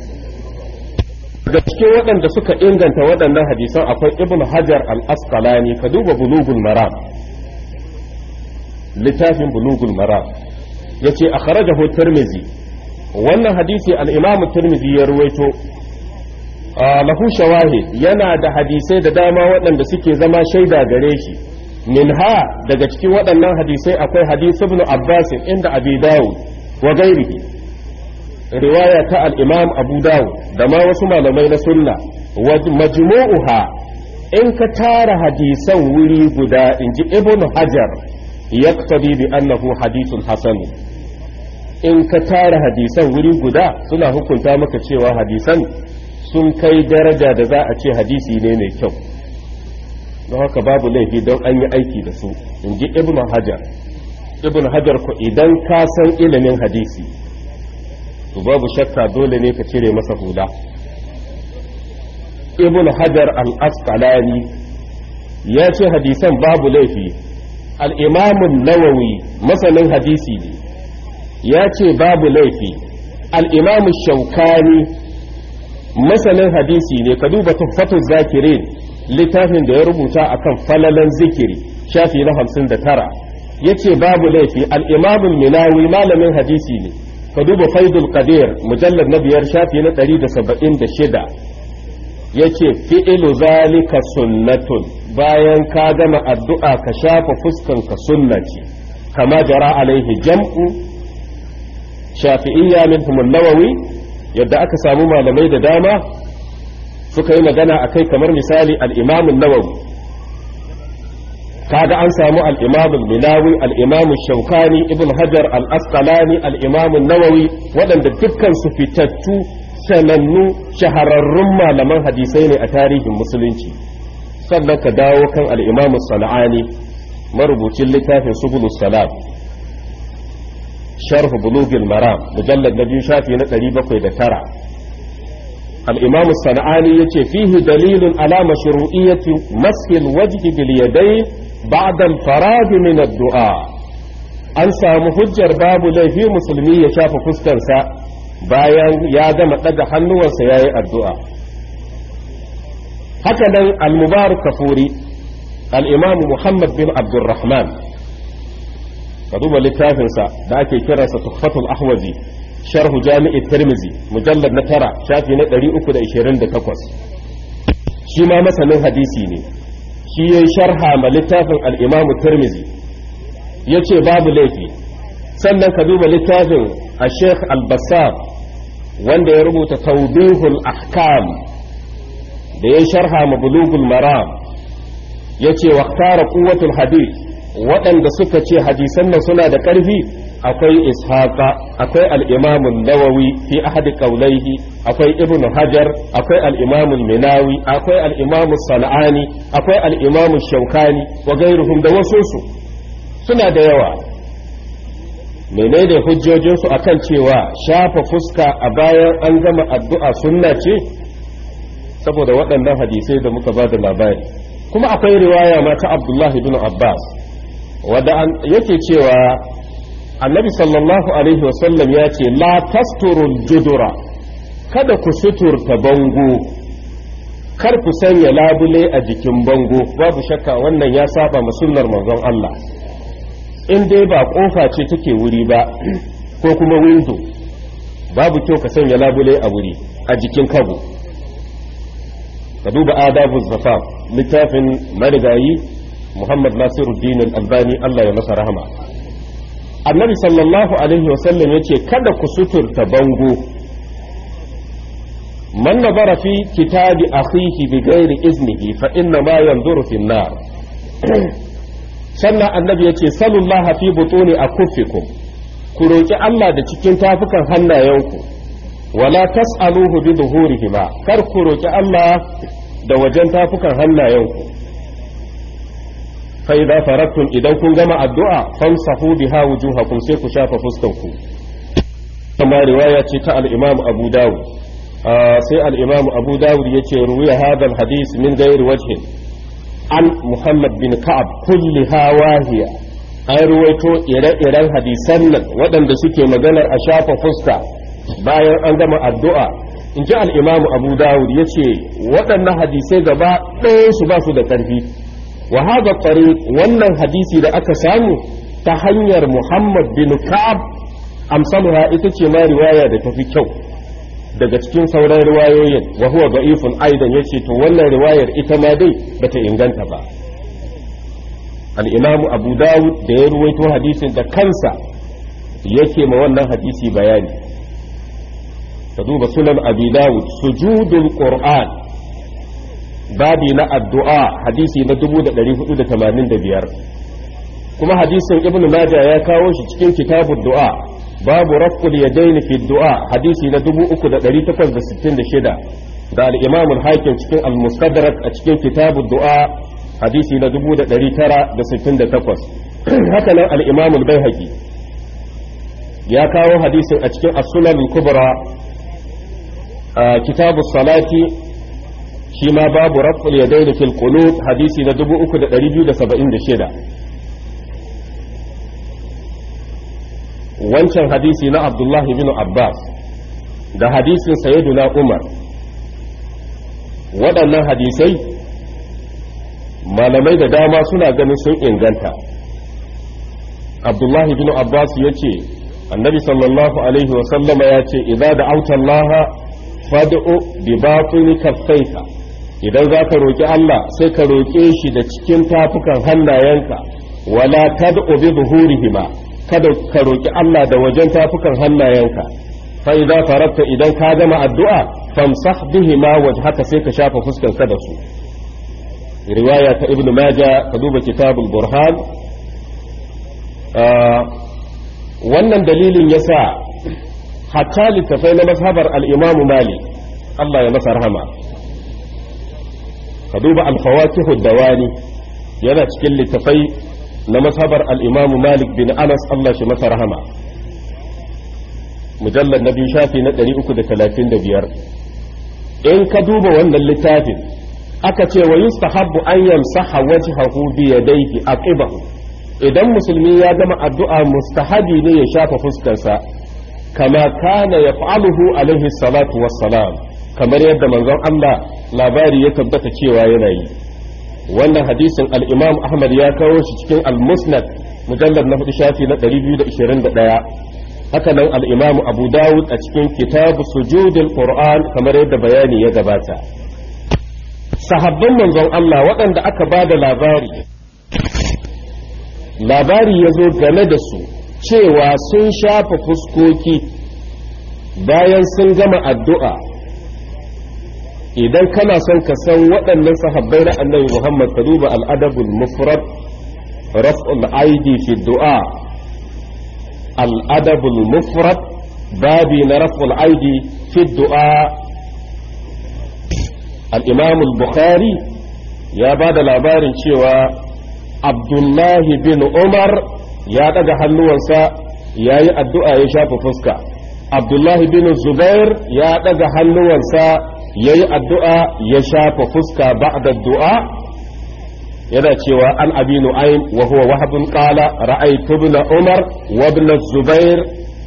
da cikin waɗanda suka inganta waɗannan hadisan akwai ibn hajar al-asqalani ka duba bulugul maram littafin bulugul maram yace akhrajahu tirmizi wannan hadisi al-imamu tirmizi ya ruwaito ah, lahu shawahi yana da hadisai da dama waɗanda suke zama shaida gare shi minha daga cikin waɗannan hadisai akwai hadisi ibn abbas inda abi dawud wa gairihi riwaya ta al-imam abu dawud da ma wasu malamai na sunna wa majmu'uha in ka tara hadisan wuri guda inji ibn hajar yaqtadi bi annahu hadithun hasan in ka tara hadisan wuri guda suna hukunta maka cewa hadisan sun kai daraja da za a ce hadisi ne mai kyau don haka babu laifi don an yi aiki da su in ji ibn hajar ibn hajar ku idan ka san ilimin hadisi to babu shakka dole ne ka cire masa hula ibn hajar al-asqalani ya ce hadisan babu laifi al'imamun nawawi masanin hadisi ne ya ce babu laifi al'imamun shaukani masanin hadisi ne ka duba tuffatun zakirin littafin da ya rubuta akan falalan zikiri shafi na hamsin da tara ya ce babu laifi al'imamun milawi malamin hadisi ne ka duba faidul qadir mujallar na biyar shafi na ɗari da saba'in da shida ya ce fi'ilu zalika sunnatun bayan ka gama addu'a ka shafa fuskanka ka sunnaci kama jara alaihi jam'u shafi'iyya min nawawi yadda aka samu malamai da dama suka yi magana a kai kamar misali al'imamun nawawi kaga an samu al'imamun milawi al'imamun shaukani ibn hajar al'asqalani al'imamun nawawi waɗanda dukkan su fitattu sanannu shahararrun malaman hadisai ne a tarihin musulunci sannan ka dawo kan al'imamun sana'ani marubucin littafin subulus salam sharh bulugil maram mujallar na biyu shafi na 709 al-imam sana'ani yace fihi dalilun ala mashru'iyyati mashi al-wajhi bil yadayn ba'da al-farad dua an samu hujjar babu laifi musulmi ya shafa fuskarsa bayan ya gama daga hannuwansa yayi addu'a haka nan al kafuri al-imam muhammad bin abdurrahman ka duba littafinsa da ake kiransa tuhfatul ahwazi sharhu jami'i tirmizi mujallar na tara shafi na 328 shi ma masanin hadisi ne shi ya sharha ma littafin al-imam tirmizi yace babu laifi sannan ka duba littafin a sheikh al-bassar wanda ya rubuta tawdihul ahkam da ya sharha ma bulugul maram yace waktara quwwatul hadith waɗanda suka ce hadisan nan suna da ƙarfi akwai ishaqa akwai al-imam an-nawawi fi ahad qawlayhi akwai ibnu hajar akwai al-imam minawi akwai al-imam as akwai al-imam shaukani wa ghayruhum da wasusu suna da yawa menene hujjojin su akan cewa shafa fuska a bayan an gama addu'a sunna ce saboda waɗannan hadisai da muka ba da labari kuma akwai riwaya ma ta abdullahi bin abbas wadda yake cewa annabi sallallahu alaihi wasallam ya ce la tasturul judura kada ku suturta bango kar ku sanya labule a jikin bango babu shakka wannan ya saba ma sunnar manzon Allah in dai ba kofa ce take wuri ba ko kuma windo babu kyau ka sanya labule a wuri a jikin kago ka duba adabu zafaf littafin marigayi muhammad nasiruddin al-albani Allah ya masa rahama annabi sallallahu alaihi wasallam ya ce kada ku suturta bango man nazara fi kitabi akhihi bi ghairi iznihi fa inna ma yanzuru fi nar sannan annabi ya ce sallallahu fi butuni akufikum ku roki Allah da cikin tafukan hannayenku wala tas'aluhu bi dhuhurihima kar ku roki Allah da wajen tafukan hannayenku fa idza faraktum idan kun gama addu'a famsahu biha wujuhakum sai ku shafa fuskanku kuma riwaya ce ta al-imam abu dawud sai al abu dawud yace ruwiya hadha al-hadith min ghairi wajhin an muhammad bin ka'ab kulliha wahiya an ruwaito ire-iren hadisan nan waɗanda suke maganar a shafa fuska bayan an gama addu'a inci ji al'imamu abu dawud ya ce waɗannan hadisai gaba ɗayan basu da ƙarfi Wahaba hadha wannan hadisi da aka samu ta hanyar Muhammad bin Amsa amsaluha ita ce ma riwaya da tafi kyau daga cikin sauran riwayoyin wa huwa da'ifun aidan yace to wannan riwayar ita ma dai bata inganta ba al-Imam Abu Dawud da ya ruwaito hadisin da kansa yake ma wannan hadisi bayani ka duba sunan Abi Dawud sujudul Qur'an babi na addu'a hadisi na 485 kuma hadisin ibnu maja ya kawo shi cikin kitabud du'a babu rafqul yadayn fi du'a hadisi na 3866 da al-imam al-hakim cikin al-mustadrak a cikin kitabud du'a hadisi na 1968 haka nan al-imam al-baihaqi ya kawo hadisin a cikin as-sunan al-kubra kitabu salati shi ma babu raful ya daina fil hadisi na 3276 wancan hadisi na Abdullahi bin Abbas da hadisin Sayyiduna Umar waɗannan hadisai malamai da dama suna ganin sun inganta Abdullahi bin Abbas ya ce annabi sallallahu alaihi wasallama ya ce idza da'auta Allah fad'u bi batini kaffayka idan za ka roƙi Allah sai ka roƙe shi da cikin tafukan hannayenka wala tad'u bi zuhurihima kada ka roƙi Allah da wajen tafukan hannayenka fa idza faragta idan ka gama addu'a famsah bihima wajhaka sai ka shafa fuskanka da su riwaya ta ibnu maja ka duba kitabul burhan ah, wannan dalilin yasa hatta littafai na mazhabar al-imam malik Allah ya masa rahama ka duba alfawakihu dawani yana cikin littafai na masabar al'imamu malik bin anas allah shi masa rahama mujallar na biyu shafi na 335 in ka duba wannan littafin aka ce wa yustahabbu an yamsaha wajhahu bi yadayhi aqibahu idan musulmi ya gama addu'a mustahabi ne ya shafa fuskarsa kama kana yaf'aluhu alaihi salatu wassalam kamar yadda manzon Allah labari ya tabbata cewa yana yi wannan hadisin al-Imam Ahmad ya kawo shi cikin al-Musnad mujallad na hudu shafi na 221 haka nan al-Imam Abu Dawud a cikin kitab sujudul Qur'an kamar yadda bayani ya gabata sahabban manzon Allah waɗanda aka ba da labari labari ya zo game da su cewa sun shafa fuskoki bayan sun gama addu'a idan kana son ka san waɗannan sahabbai na annabi muhammad ka duba al'adabul mufrad raf'ul aidi fi du'a al'adabul mufrad babi na raf'ul aidi fi du'a الإمام البخاري يا بعد labarin cewa abdullahi bin umar ya daga hannuwansa ya yi addu'a ya shafa fuska abdullahi bin zubair ya daga hannuwansa yayi addu'a ya shafa fuska ba'da du'a yana cewa an abinu ayn wa huwa wahabun qala ra'aytu ibn umar wa ibn zubair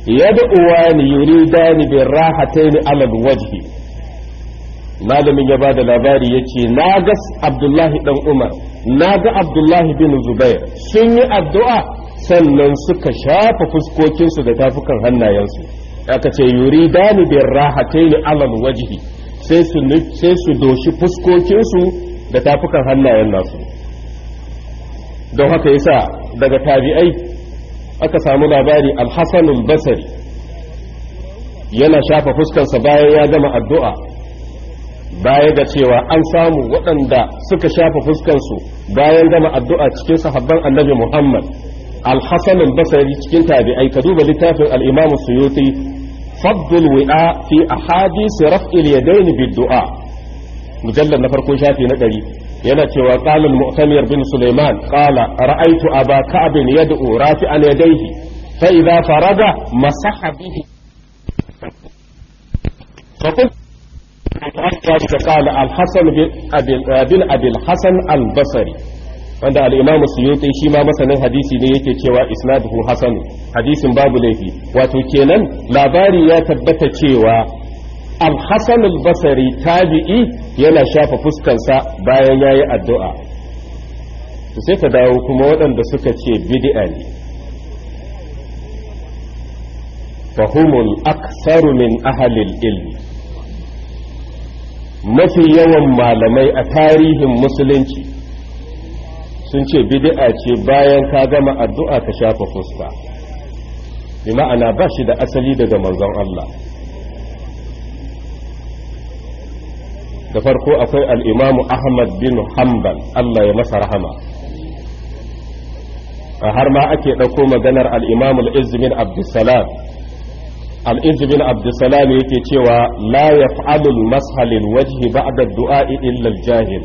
yuri yuridani bi rahatayn ala alwajhi malamin ya ba da labari yace na ga abdullahi dan umar na ga abdullahi bin zubair sun yi addu'a sannan suka shafa fuskokinsu da tafukan hannayensu aka ce yuridani bi rahatayn ala alwajhi sai su doshi fuskokinsu da tafukan hannayen nasu don haka yasa daga tabi'ai aka samu labari alhassanin basari yana shafa fuskarsa bayan ya gama addu'a baya ga cewa an samu waɗanda suka shafa fuskansu bayan gama addu'a cikin sahabban annabi muhammad alhassanin basari cikin tabi'ai ka duba littafin al'imamu suyuti فض الوعاء في احاديث رفع اليدين بالدعاء مجلد نفر كون شافي ندري وقال المؤتمر بن سليمان قال رايت ابا كعب يدعو رافعا يديه فاذا فرغ مسح به فقلت قال الحسن بن ابي الحسن البصري wanda al-imam suyuti shi ma masanin hadisi ne yake cewa isnaduhu hasan hadisin babu laifi wato kenan labari ya tabbata cewa al-hasan al-basri tabi'i yana shafa fuskansa bayan ya yi addu'a to sai ka dawo kuma waɗanda suka ce bid'a ne fahumul aktsaru min ahli al mafi yawan malamai a tarihin musulunci sun ce bid'a ce bayan ka gama addu'a ka shafa fuska bi ma'ana ba shi da asali daga manzon Allah da farko akwai al'imamu ahmad bin hanbal Allah ya masa rahama a har ma ake ɗauko maganar al'imamu al'izmin abdussalam al'izmin abdussalam yake cewa la ya fa'alul mashalin wajhi ba'da du'a illal jahil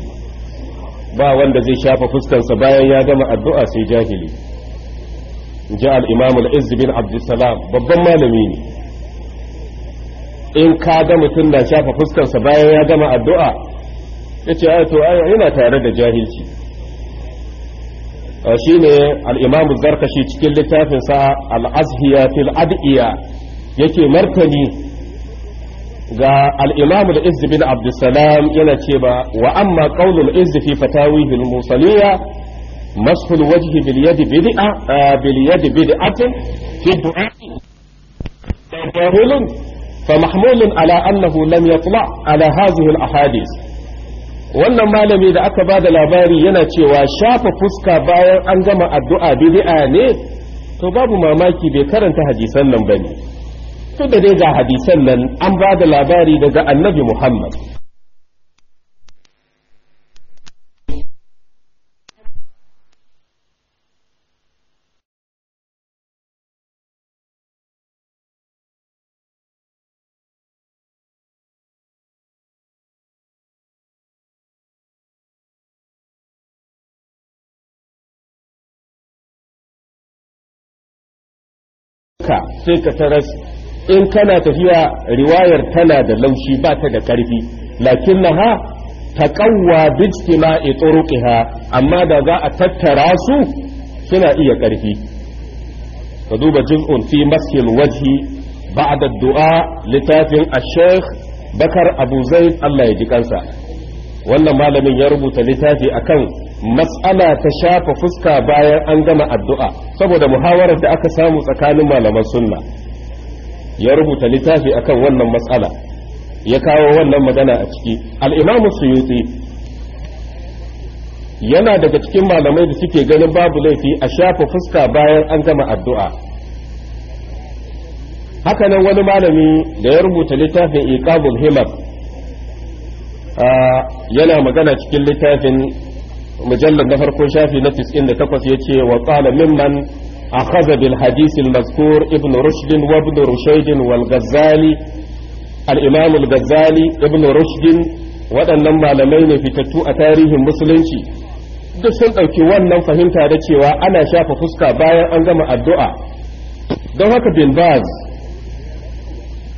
ba wanda zai shafa fuskarsa bayan ya gama addu'a sai jahili ji al'imam al'izz bin abdussalam babban malami ne in ka ga mutum na shafa fuskarsa bayan ya gama addu'a ya ce to yana tare da jahilci shi ne al'imamu zarkashi cikin littafinsa al'azhiya fil ad'iya yake martani ga al'imamu da izzi bin abdussalam yana ce ba wa amma ƙaunin izzi fi fatawihi musaliya mashul wajhi biliyadi bid'atin fi du'a'i tafarulun fa mahmulun ala annahu lam yatla ala hazihi al-ahadith wannan malami da aka ba da labari yana cewa shafa fuska bayan an gama addu'a bid'a ne to babu mamaki bai karanta hadisan nan bane tunda dai ga hadisan nan an ba da labari daga annabi Muhammad sai ka taras in kana tafiya riwayar tana da laushi ba ta da ƙarfi lakin na ha taƙawwa bijtima ituruqiha amma da za a tattara su suna iya ƙarfi ka duba juz'un fi maskil wajhi a du'a littafin a sheikh bakar abu zaid Allah ya ji kansa wannan malamin ya rubuta littafi akan matsala ta shafa fuska bayan an gama addu'a saboda muhawarar da aka samu tsakanin malaman sunna ya rubuta littafi akan wannan matsala ya kawo wannan magana a ciki al'imamu suyuti yana daga cikin malamai da suke ganin babu laifi a shafa fuska bayan an gama addu'a hakanan wani malami da ya rubuta littafin iqabul himar yana magana cikin littafin mujallar na farko shafi na 98 ya ce wa qala mimman أخذ بالحديث المذكور ابن رشد وابن رشيد والغزالي الإمام الغزالي ابن رشد waɗannan malamai ne fitattu a tarihin musulunci duk sun ɗauki wannan fahimta da cewa ana shafa fuska bayan an gama addu'a don haka bin baz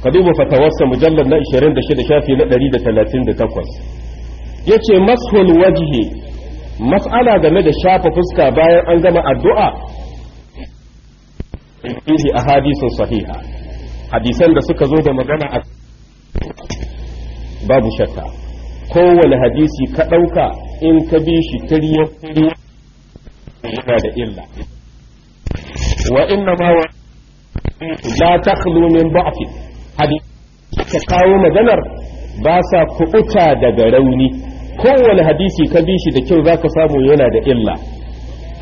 ka duba fatawarsa mujallar na 26 shafi na 138 ya ce mashul wajihi mas'ala game da shafa fuska bayan an gama addu'a fihi ahadithun sahiha hadisan da suka zo da magana a babu shakka kowane hadisi ka ɗauka in ka bi shi kiriyar kiriyar yana da illa wa inna ma wa la takhlu min ba'fi hadisi ka kawo maganar ba sa kuɓuta daga rauni kowane hadisi ka bi shi da kyau zaka samu yana da illa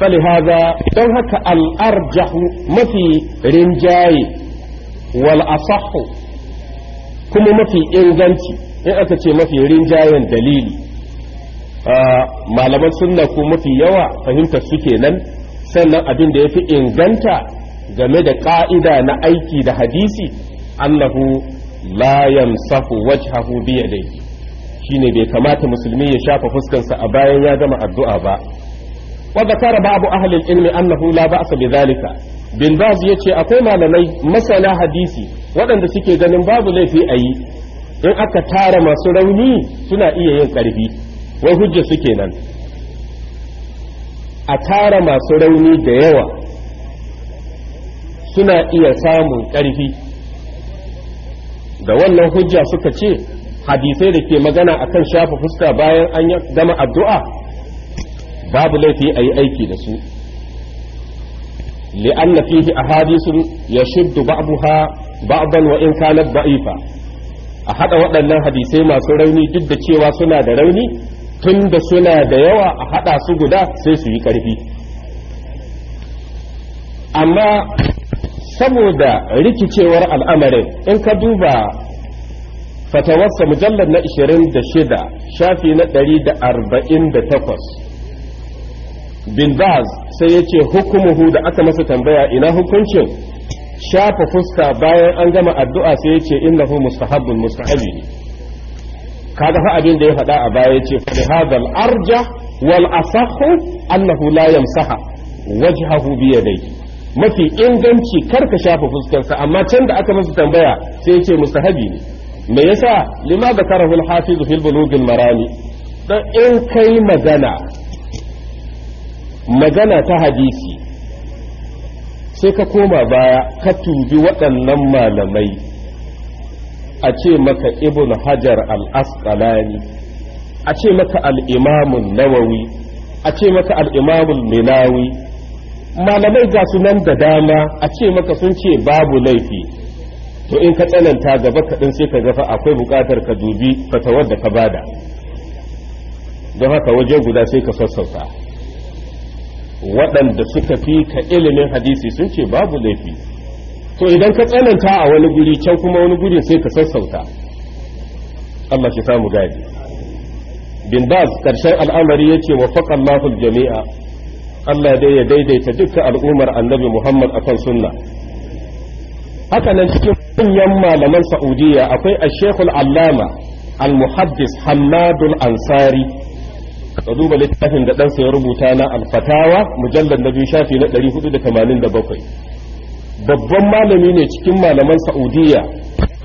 falihaza don haka al'arjahu mafi rinjaye wal asahu kuma mafi inganci in aka ce mafi rinjayen dalili malaman sunna mafi yawa fahimtar su kenan sannan abin da ya fi inganta game da ƙa'ida na aiki da hadisi annahu la yamsahu wajhahu biyadayhi shine bai kamata musulmi ya shafa fuskarsa a bayan ya gama addu'a ba wa babu ahalin ahli ilmi annahu la ba'sa bi zalika bin baz yace akwai malamai masana hadisi waɗanda suke ganin babu laifi a yi in aka tara masu rauni suna iya yin ƙarfi wai hujja suke nan a tara masu rauni da yawa suna iya samun ƙarfi da wannan hujja suka ce hadisai da ke magana akan shafa fuska bayan an gama addu'a babu laifi a yi aiki da su li'an na fihi a hadisun ya shuddu ba'abuha wa in kanat ba'ifa a haɗa waɗannan hadisai masu rauni duk da cewa suna da rauni tun da suna da yawa a haɗa su guda sai su yi ƙarfi amma saboda rikicewar al'amarin in ka duba fatawarsa mujallar na 26 shafi na 148 bin baz sai ya ce hukumuhu da aka masa tambaya ina hukuncin shafa fuska bayan an gama addu'a sai ya ce innahu mustahabbun mustahabi ne kaga fa abin da ya faɗa a baya yace ce fa hadal arja wal asahhu annahu la yamsaha wajhahu bi yadayhi mafi inganci karka shafa fuskarsa amma can da aka masa tambaya sai ya ce mustahabi ne me yasa lima zakarahu al-hafiz fil bulugh al dan in kai magana magana ta hadisi sai ka koma baya ka tubi waɗannan malamai a ce maka ibn hajar al-asqalani a ce maka al’imamun nawawi a ce maka al’imamun milawi malamai ga su nan da dama a ce maka sun ce babu laifi to in ka tsananta gaba kaɗan sai ka gafa akwai buƙatar ka dubi fatawar da ka bada don haka waje guda sai ka sassauta waɗanda suka fi ka ilimin hadisi sun ce babu laifi to idan ka tsananta a wani guri can kuma wani guri sai ka sassauta Allah shi samu gadi bin baz karshen al'amari ce wa faqallahu jami'a Allah dai ya daidaita dukkan al'ummar annabi Muhammad akan sunna haka nan cikin manyan malaman Saudiyya akwai a shekul allama al-muhaddis Hammadul Ansari ka duba littafin da ɗansa ya rubuta na alfatawa mujallar na biyu shafi na ɗari da da tamanin bakwai. babban malami ne cikin malaman Saudiyya.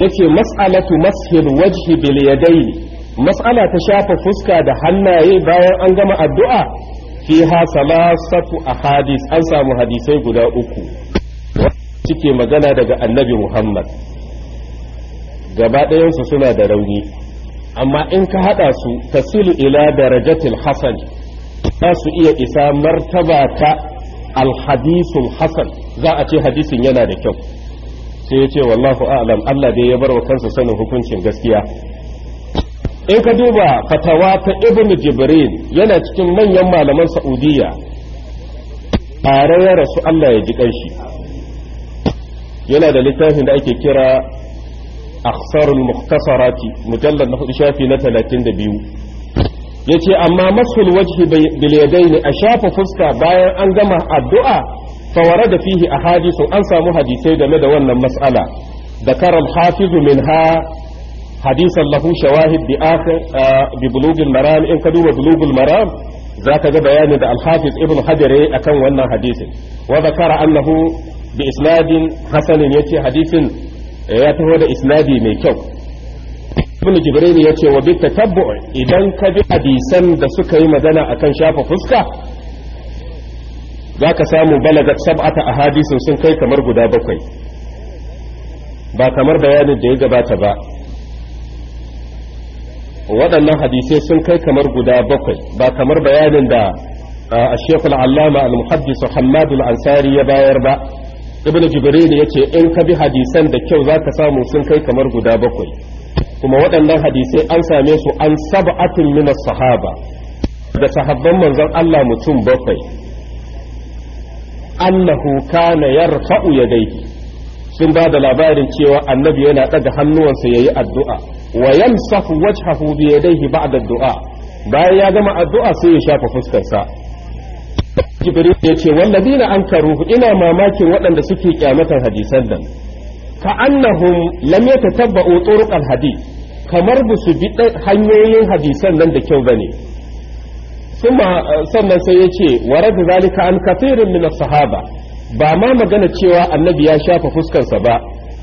yake mas'alatu mashil wajhi bil yadaini mas'ala ta shafa fuska da hannaye bayan an gama addu'a safu salasatu ahadis an samu hadisai guda uku cike magana daga annabi muhammad gaba ɗayansu suna da rauni amma in ka hada su tasilu ila darajatil hasan za su iya isa martaba ta alhadisul hasan za a ce hadisin yana da kyau sai ya ce wallahu a'lam Allah dai ya bar wa kansa sanin hukuncin gaskiya in ka duba fatawa ta ibn jibril yana cikin manyan malaman saudiya tare ya rasu Allah ya ji kanshi yana da littafin da ake kira akhsarul mukhtasarati mujallad na hudu shafi na biyu. yace amma masul wajhi bil yadaini a shafa fuska bayan an gama addu'a fa warada fihi ahadithu an samu hadisai game da wannan mas'ala ذكر الحافظ منها حديثا له شواهد بآخر ببلوغ المرام إن كدوا بلوغ المرام ذاك بيان الحافظ ابن حجر أكون ونا حديث وذكر أنه بإسناد حسن يتي حديث Eh, ya taho da isnadi mai kyau ibn jibril ya ce wa bi tatabbu idan ka bi hadisan da suka yi magana akan shafa fuska zaka samu balagat sab'ata ahadisin sun kai kamar guda bakwai ba kamar bayanin da ya gabata ba waɗannan hadisai sun kai kamar guda bakwai ba kamar bayanin da a shekul allama al-muhaddis hammadul ansari ya bayar ba ibn jibril ya ce in ka bi hadisan da kyau za ka samu sun kai kamar guda bakwai kuma waɗannan hadisai an same su an atin min sahaba da sahabban manzon Allah mutum bakwai annahu kana yarfa'u yadayhi sun ba da labarin cewa annabi yana ɗaga hannuwansa yayi addu'a wa yamsahu wajhahu bi yadayhi ba'da addu'a bayan ya gama addu'a sai ya shafa fuskarsa jibril ya ce wallazina ankaru ina mamakin waɗanda suke kyamatar hadisan nan ka annahum lam yatatabba'u turuqal hadith kamar ba su bi hanyoyin hadisan nan da kyau bane kuma sannan sai ya ce wa radu zalika an kathirin min sahaba ba ma magana cewa annabi ya shafa fuskarsa ba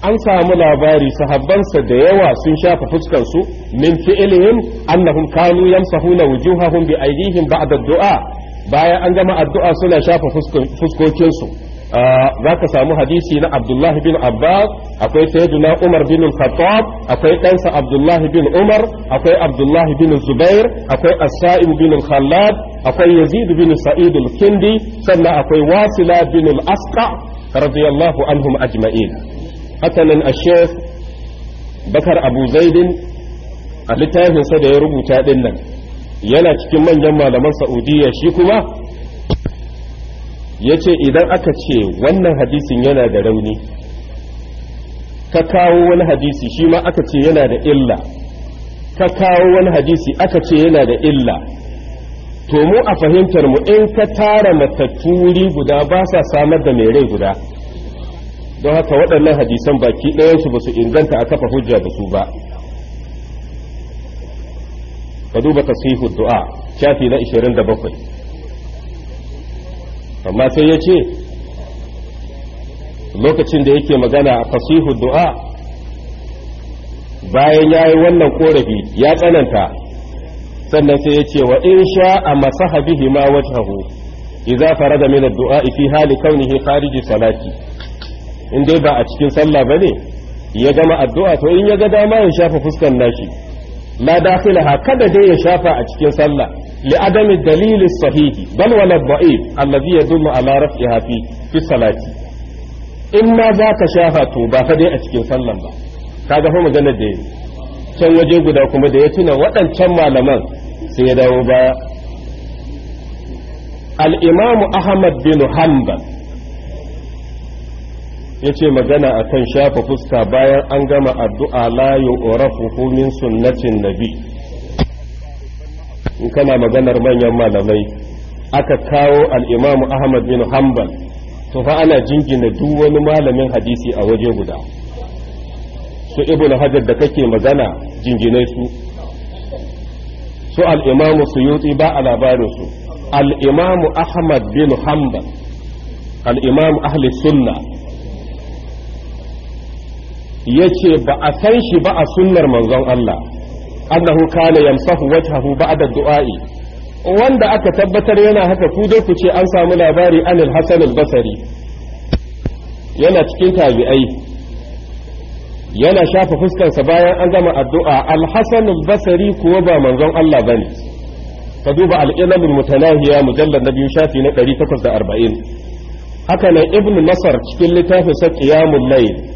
an samu labari sahabbansa da yawa sun shafa fuskarsu min fi'ilihim annahum kanu yamsahuna wujuhahum bi aydihim ba'da du'a bayan an gama addu'a suna shafa fuskokinsu ah, za ka samu hadisi na abdullahi bin abbas akwai sayyiduna umar bin khattab akwai ɗansa abdullahi bin umar akwai abdullahi bin zubair akwai asa'ib bin khallad akwai yazid bin sa'id al-kindi sannan akwai wasila bin al-asqa radiyallahu anhum ajma'in hakanan ash-shaykh bakar abu zaidin a littafinsa da ya rubuta dinnan. yana cikin manyan malaman saudiya shi kuma ya ce idan aka ce wannan hadisin yana da rauni ka kawo wani hadisi shi ma aka ce yana da illa ka kawo wani hadisi aka ce yana da illa to mu a fahimtar mu in ka tara matatturi guda ba sa samar da mai rai guda don haka waɗannan hadisan baki ɗayansu ba su inganta a kafa hujja da su ba ka duba tasihu du'a shafi na 27 amma sai ya ce lokacin da yake magana a tasihu du'a bayan ya yi wannan korafi ya tsananta sannan sai ya ce wa in sha a masaha bihi ma wajhahu idza fara min ad-du'a fi hali kaunihi khariji salati in dai ba a cikin sallah ba ne ya gama addu'a to in ya ga dama ya shafa fuskan nashi la dakhilaha kada dai ya shafa a cikin sallah li adami dalilin sahihi bal wala da'if alladhi yadullu ala raf'iha fi fi salati in ma za ka shafa to ba fa dai a cikin sallan ba kaga fa maganar da yayi can waje guda kuma da ya tuna waɗancan malaman sai ya dawo baya al-imamu ahmad bin hanbal yace magana a kan shafa fuska bayan an gama addu'a layu orafu min sunnatin nabi in kana maganar manyan malamai aka kawo al'imamu ahmad bin hanbal to fa ana jingina duk wani malamin hadisi a waje guda su ibn hajar da kake magana jinginai su su al'imamu suyuti ba a labarinsu al'imamu ahmad bin hanbal al'imamu ahli sunna Ya ce ba a san shi ba a sunnar manzon Allah annahu kana yamsahu wajhahu ba'da du'a'i wanda aka tabbatar yana haka ku dai ku ce an samu labari anil hasan al-basri yana cikin tabi'ai yana shafa fuskarsa bayan an gama addu'a al-hasan al-basri kuwa ba manzon Allah bane ka duba al-ilm al-mutanahiya mujallad na biyu shafi na 840 haka nan ibnu nasar cikin littafin sa qiyamul layl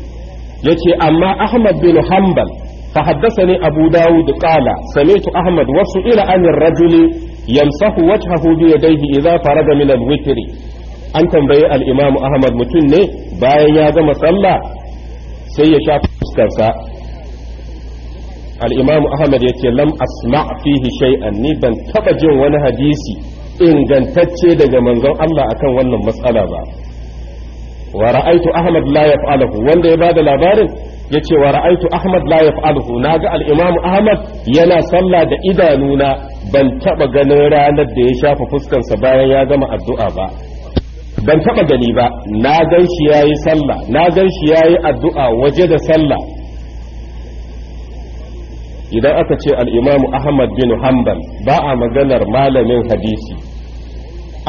yace amma ahmad bin hanbal fa haddathani abu dawud qala sami'tu ahmad wasu ila anir rajuli yamsahu wajhahu bi yadayhi idza fara min al-witr an tambayi al-imam ahmad mutun ne bayan ya gama sallah sai ya shafa fuskarsa al-imam ahmad yace lam asma' fihi shay'an ni ban taba jin wani hadisi ingantacce daga manzon Allah akan wannan matsala ba wa ra'aitu ahmad la yaf'aluhu wanda ya bada labarin yace wa ra'aitu ahmad la yaf'aluhu naga al-imam ahmad yana sallah da idanuna ban taba ganin ranar da ya shafa fuskarsa bayan ya gama addu'a ba ban taba gani ba na gan shi yayi sallah na gan shi yayi addu'a waje da sallah idan aka ce al-imam ahmad bin hanbal ba a maganar malamin hadisi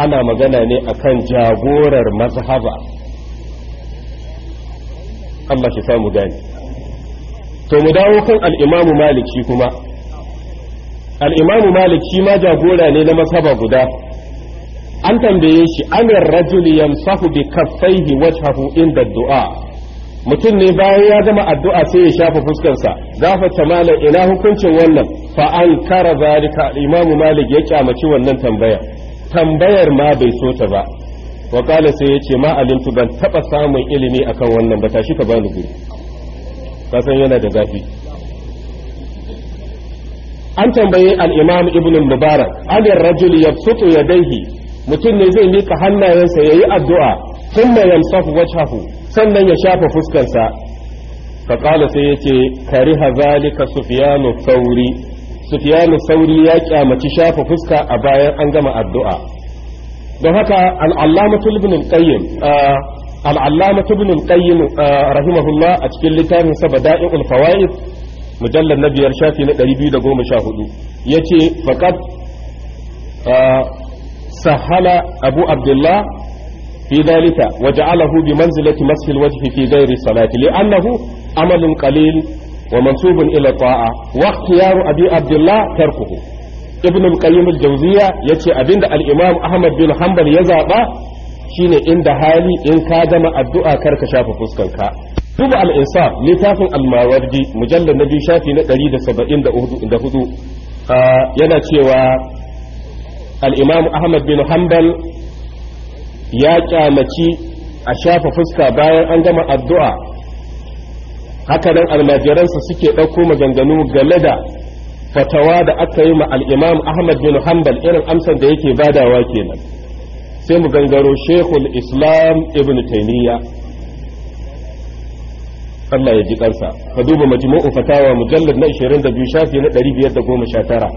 ana magana ne akan jagorar mazhaba Allah mu samu gani to mu dawo kan al'imamu malik kuma al'imamu maliki ma jagora ne na masaba guda an tambaye shi amin rajuli yamsahu bi kaffaihi wajhahu inda du'a mutum ne bayan ya gama addu'a sai ya shafa fuskarsa ta malam ina hukuncin wannan fa an kara zalika al-imamu malik ya kyamaci wannan tambayar tambayar ma bai so ta ba wa kala sai ya ce ma alimtu ban taba samun ilimi akan wannan ba tashi ka bani guri san yana da zafi an tambayi al-imam ibn mubarak ali rajul yabsutu yadayhi mutum ne zai mika hannayensa yayi addu'a thumma yamsahu wajhahu sannan ya shafa fuskarsa fa kala sai yace kariha zalika sufyanu sauri sufyanu sauri ya kyamaci shafa fuska a bayan an gama addu'a da haka al’allamatu ibn al-qayyim uh, al’allamatu ibn uh, rahimahullah a cikin littafin saba da'in ulfawa'id mujallar na biyar shafi na 214 ya ce faqad uh, sahala abu abdullah fi dalita wa ja'alahu bi manzilati masfi al-wajhi fi ghairi salati li'annahu amalun qalil wa mansubun ila ta'a wa yaro abi abdullah tarkuhu ibn al-qayyim al-jawziya yace abinda al-imam ahmad bin hanbal ya zaɓa shine inda hali in ka gama addu'a kar ka shafa fuskanka duba al-insaf littafin al-mawardi mujallal na biyu shafi na 174 ah, yana cewa al ahmad bin hanbal ya kyamaci a shafa fuska bayan an gama addu'a haka nan almajiransa suke ɗauko maganganu game da fatawa da aka yi ma imam ahmad bin hanbal irin amsan da yake badawa kenan sai mu gangaro shekul islam ibn taimiyya Allah ya ji kansa ka duba majmu'u fatawa mujallad na 22 shafi na 519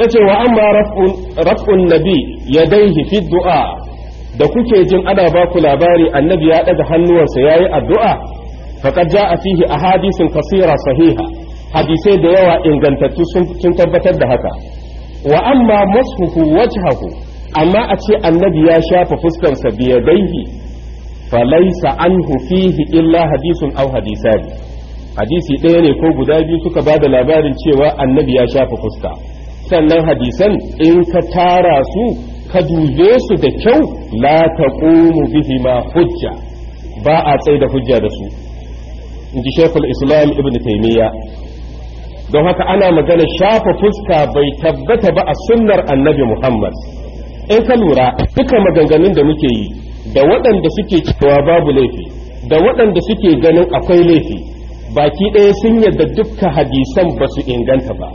yace wa amma raf'un nabi yadaihi fi du'a da kuke jin ana ba ku labari annabi ya daga hannuwansa yayi addu'a faqad ja'a fihi ahadithun kasira sahiha hadisai da yawa ingantattu sun tabbatar da haka wa amma masfuhu wajhahu amma a ce annabi ya shafa fuskansa biyadaihi falaisa anhu fihi illa hadisun aw hadisari hadisi ɗaya ne ko guda biyu suka ba da labarin cewa annabi ya shafa fuska sannan hadisan in ka tara su ka dube su da kyau la taqumu bihi ma hujja ba a tsaye da hujja da su in ji shekul islam ibn taimiyya don haka ana magana shafa fuska bai tabbata ba a sunnar annabi muhammad in ka lura duka maganganun da muke yi da waɗanda suke cewa babu laifi da waɗanda suke ganin akwai laifi baki ɗaya sun yadda dukkan hadisan ba su inganta ba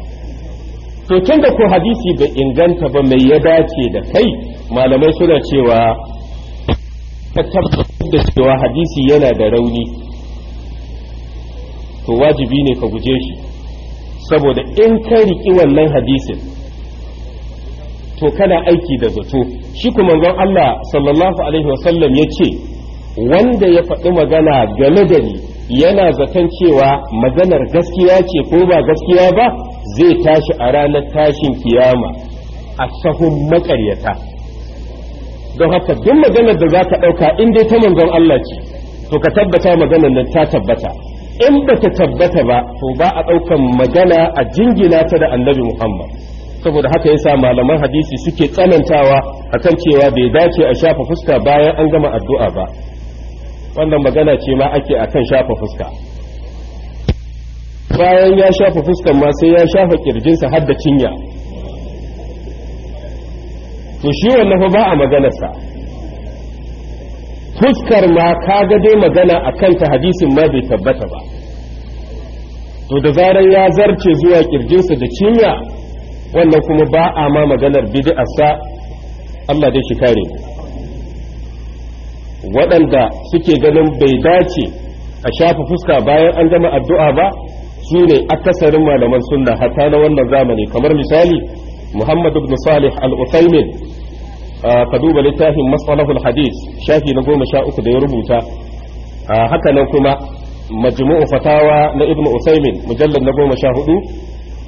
to tun da ko hadisi bai inganta ba mai ya dace da kai malamai suna cewa ka tabbatar da cewa hadisi yana da rauni to wajibi ne ka guje shi saboda in ka riƙi wannan hadisin to kana aiki da zato shi kuma manzon Allah sallallahu alaihi wasallam ya ce wanda ya faɗi magana game da yana zaton cewa maganar gaskiya ce ko ba gaskiya ba zai tashi a ranar tashin kiyama a sahun makaryata don haka duk maganar da za ka ɗauka in dai ta manzon Allah ce to ka tabbata maganar nan ta tabbata in ba ta tabbata ba to ba a ɗaukan magana a jingina ta da annabi muhammad saboda haka yasa malaman hadisi suke tsanantawa akan cewa bai dace a shafa fuska bayan an gama addu'a ba wannan magana ce ma ake akan shafa fuska bayan ya shafa fuskan ma sai ya shafa kirjinsa har da cinya to shi wannan fa ba a maganarsa fuskar ma ga dai magana a kanta hadisin ma bai tabbata ba to da zarar ya zarce zuwa kirjinsa da cinya wannan kuma ba a ma maganar sa. Allah dai shi kare waɗanda suke ganin bai dace a shafa fuska bayan an gama addu'a ba su ne akasarin malaman sunna hata na wannan zamani kamar misali Muhammad ibn Salih al-Uthaymin ka duba littafin masalahul hadis shafi na goma sha uku da ya rubuta haka nan kuma majmu'u fatawa na ibnu usaimin mujallar na goma sha hudu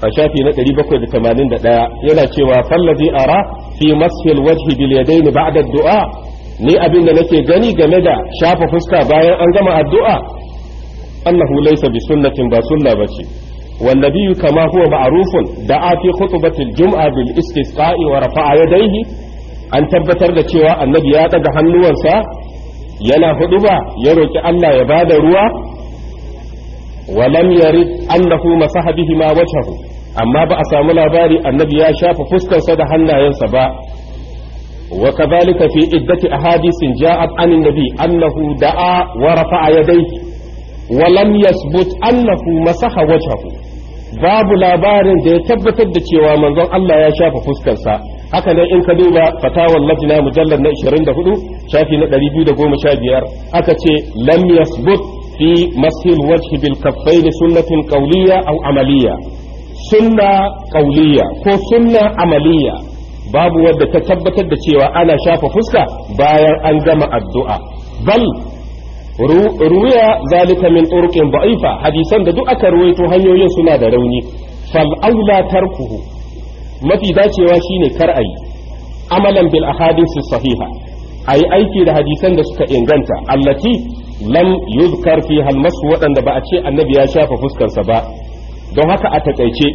a shafi na ɗaya. yana cewa fallazi ara fi mashil wajhi bil yadaini ba'da du'a ni abin da nake gani game da shafa fuska bayan an gama addu'a annahu laysa bi sunnatin ba sunna bace wal nabiyyu kama huwa ma'rufun da'a fi khutbatil jum'a bil istisqa'i wa rafa'a an tabbatar da cewa annabi ya daga hannuwansa yana hudu ba ya roki Allah ya bada ruwa walam yarid annahu masaha ma wajhahu amma ba a samu labari annabi ya shafa fuskarsa da hannayensa ba wa kadhalika fi iddati ahadisin ja'at anin nabi annahu da'a wa rafa'a yadayhi wa yasbut annahu masaha wajhahu babu labarin da ya tabbatar da cewa manzon Allah ya shafa fuskarsa haka nan in ka duba fatawar lajina mujallar na 24 shafi na 215 aka ce lam yasbut fi masil wajhi bil kaffaini sunnatin qawliya aw amaliya sunna qawliya ko sunna amaliya babu wadda ta tabbatar da cewa ana shafa fuska bayan an gama addu'a bal ruya zalika min turqin da'ifa hadisan da duk aka ruwaito hanyoyin suna da rauni fal aula tarkuhu mafi dacewa shine kar a yi amalan bil ahadisi sahiha a yi aiki da hadisan da suka inganta allati lam yuzkar fi halmasu waɗanda ba a ce annabi ya shafa fuskarsa ba don haka a takaice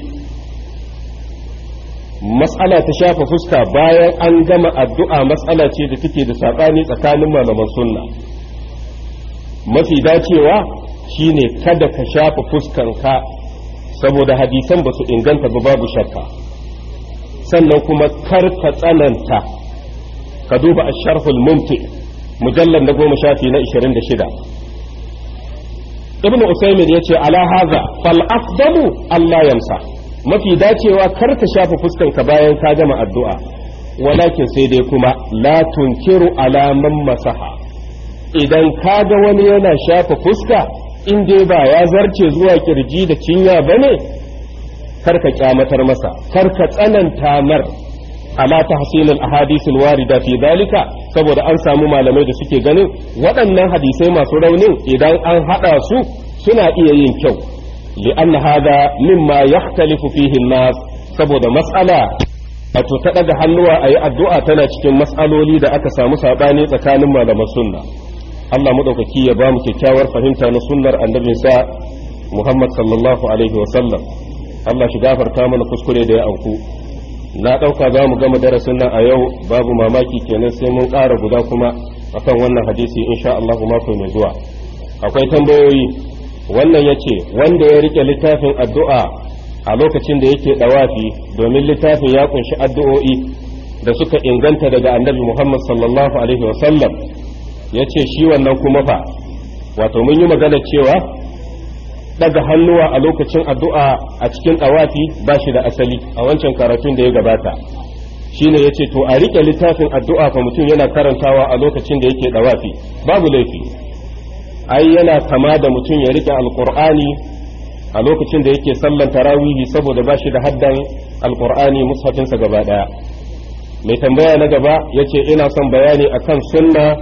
matsala ta shafa fuska bayan an gama addu'a matsala ce da take da saɓani tsakanin malaman sunna mafi dacewa shine kada ka shafa fuskanka saboda hadisan ba su inganta ba babu shakka sannan kuma karka tsananta ka duba a sharhul mumti mujallar na goma shafi na 26 ibn usaimin ya ce ala haza fal afdalu allah yamsa mafi dacewa kar ka shafa ka bayan ka gama addu'a walakin sai dai kuma la tunkiru alaman masaha idan ka ga wani yana shafa fuska in dai ba ya zarce zuwa kirji da cinya bane karka kyamatar masa karka tsananta mar ala tahsilul ahadisul warida fi dalika saboda an samu malamai da suke ganin waɗannan hadisai masu raunin idan an haɗa su suna iya yin kyau li'an hada mimma yahtalifu fihi nas saboda matsala wato ta ɗaga hannuwa a yi addu'a tana cikin matsaloli da aka samu saɓani tsakanin malaman sunna Allah maɗaukaki ya ba mu kyakkyawar fahimta na sunnar annabinsa Muhammad sallallahu alaihi sallam. Allah shi gafarta mana kuskure da ya auku na ɗauka za mu gama darasin nan a yau babu mamaki kenan sai mun ƙara guda kuma akan wannan hadisi insha Allah mako mai zuwa akwai tambayoyi wannan ya ce wanda ya rike littafin addu'a a lokacin da yake ɗawafi domin littafin ya kunshi addu'o'i da suka inganta daga annabi Muhammad sallallahu alaihi wasallam ya ce shi wannan kuma fa wato mun yi magana cewa daga hannuwa a lokacin addu'a a cikin ɗawafi ba shi da asali a wancan karatun da ya gabata shi shine yace to a rike littafin addu'a fa mutum yana karantawa a lokacin da yake dawafi babu laifi ai yana kama da mutum ya rike alqur'ani a lokacin da yake sallan tarawihi saboda ba shi da haddan alqur'ani mushafinsa gaba daya mai tambaya na gaba yace ina son bayani a kan sunna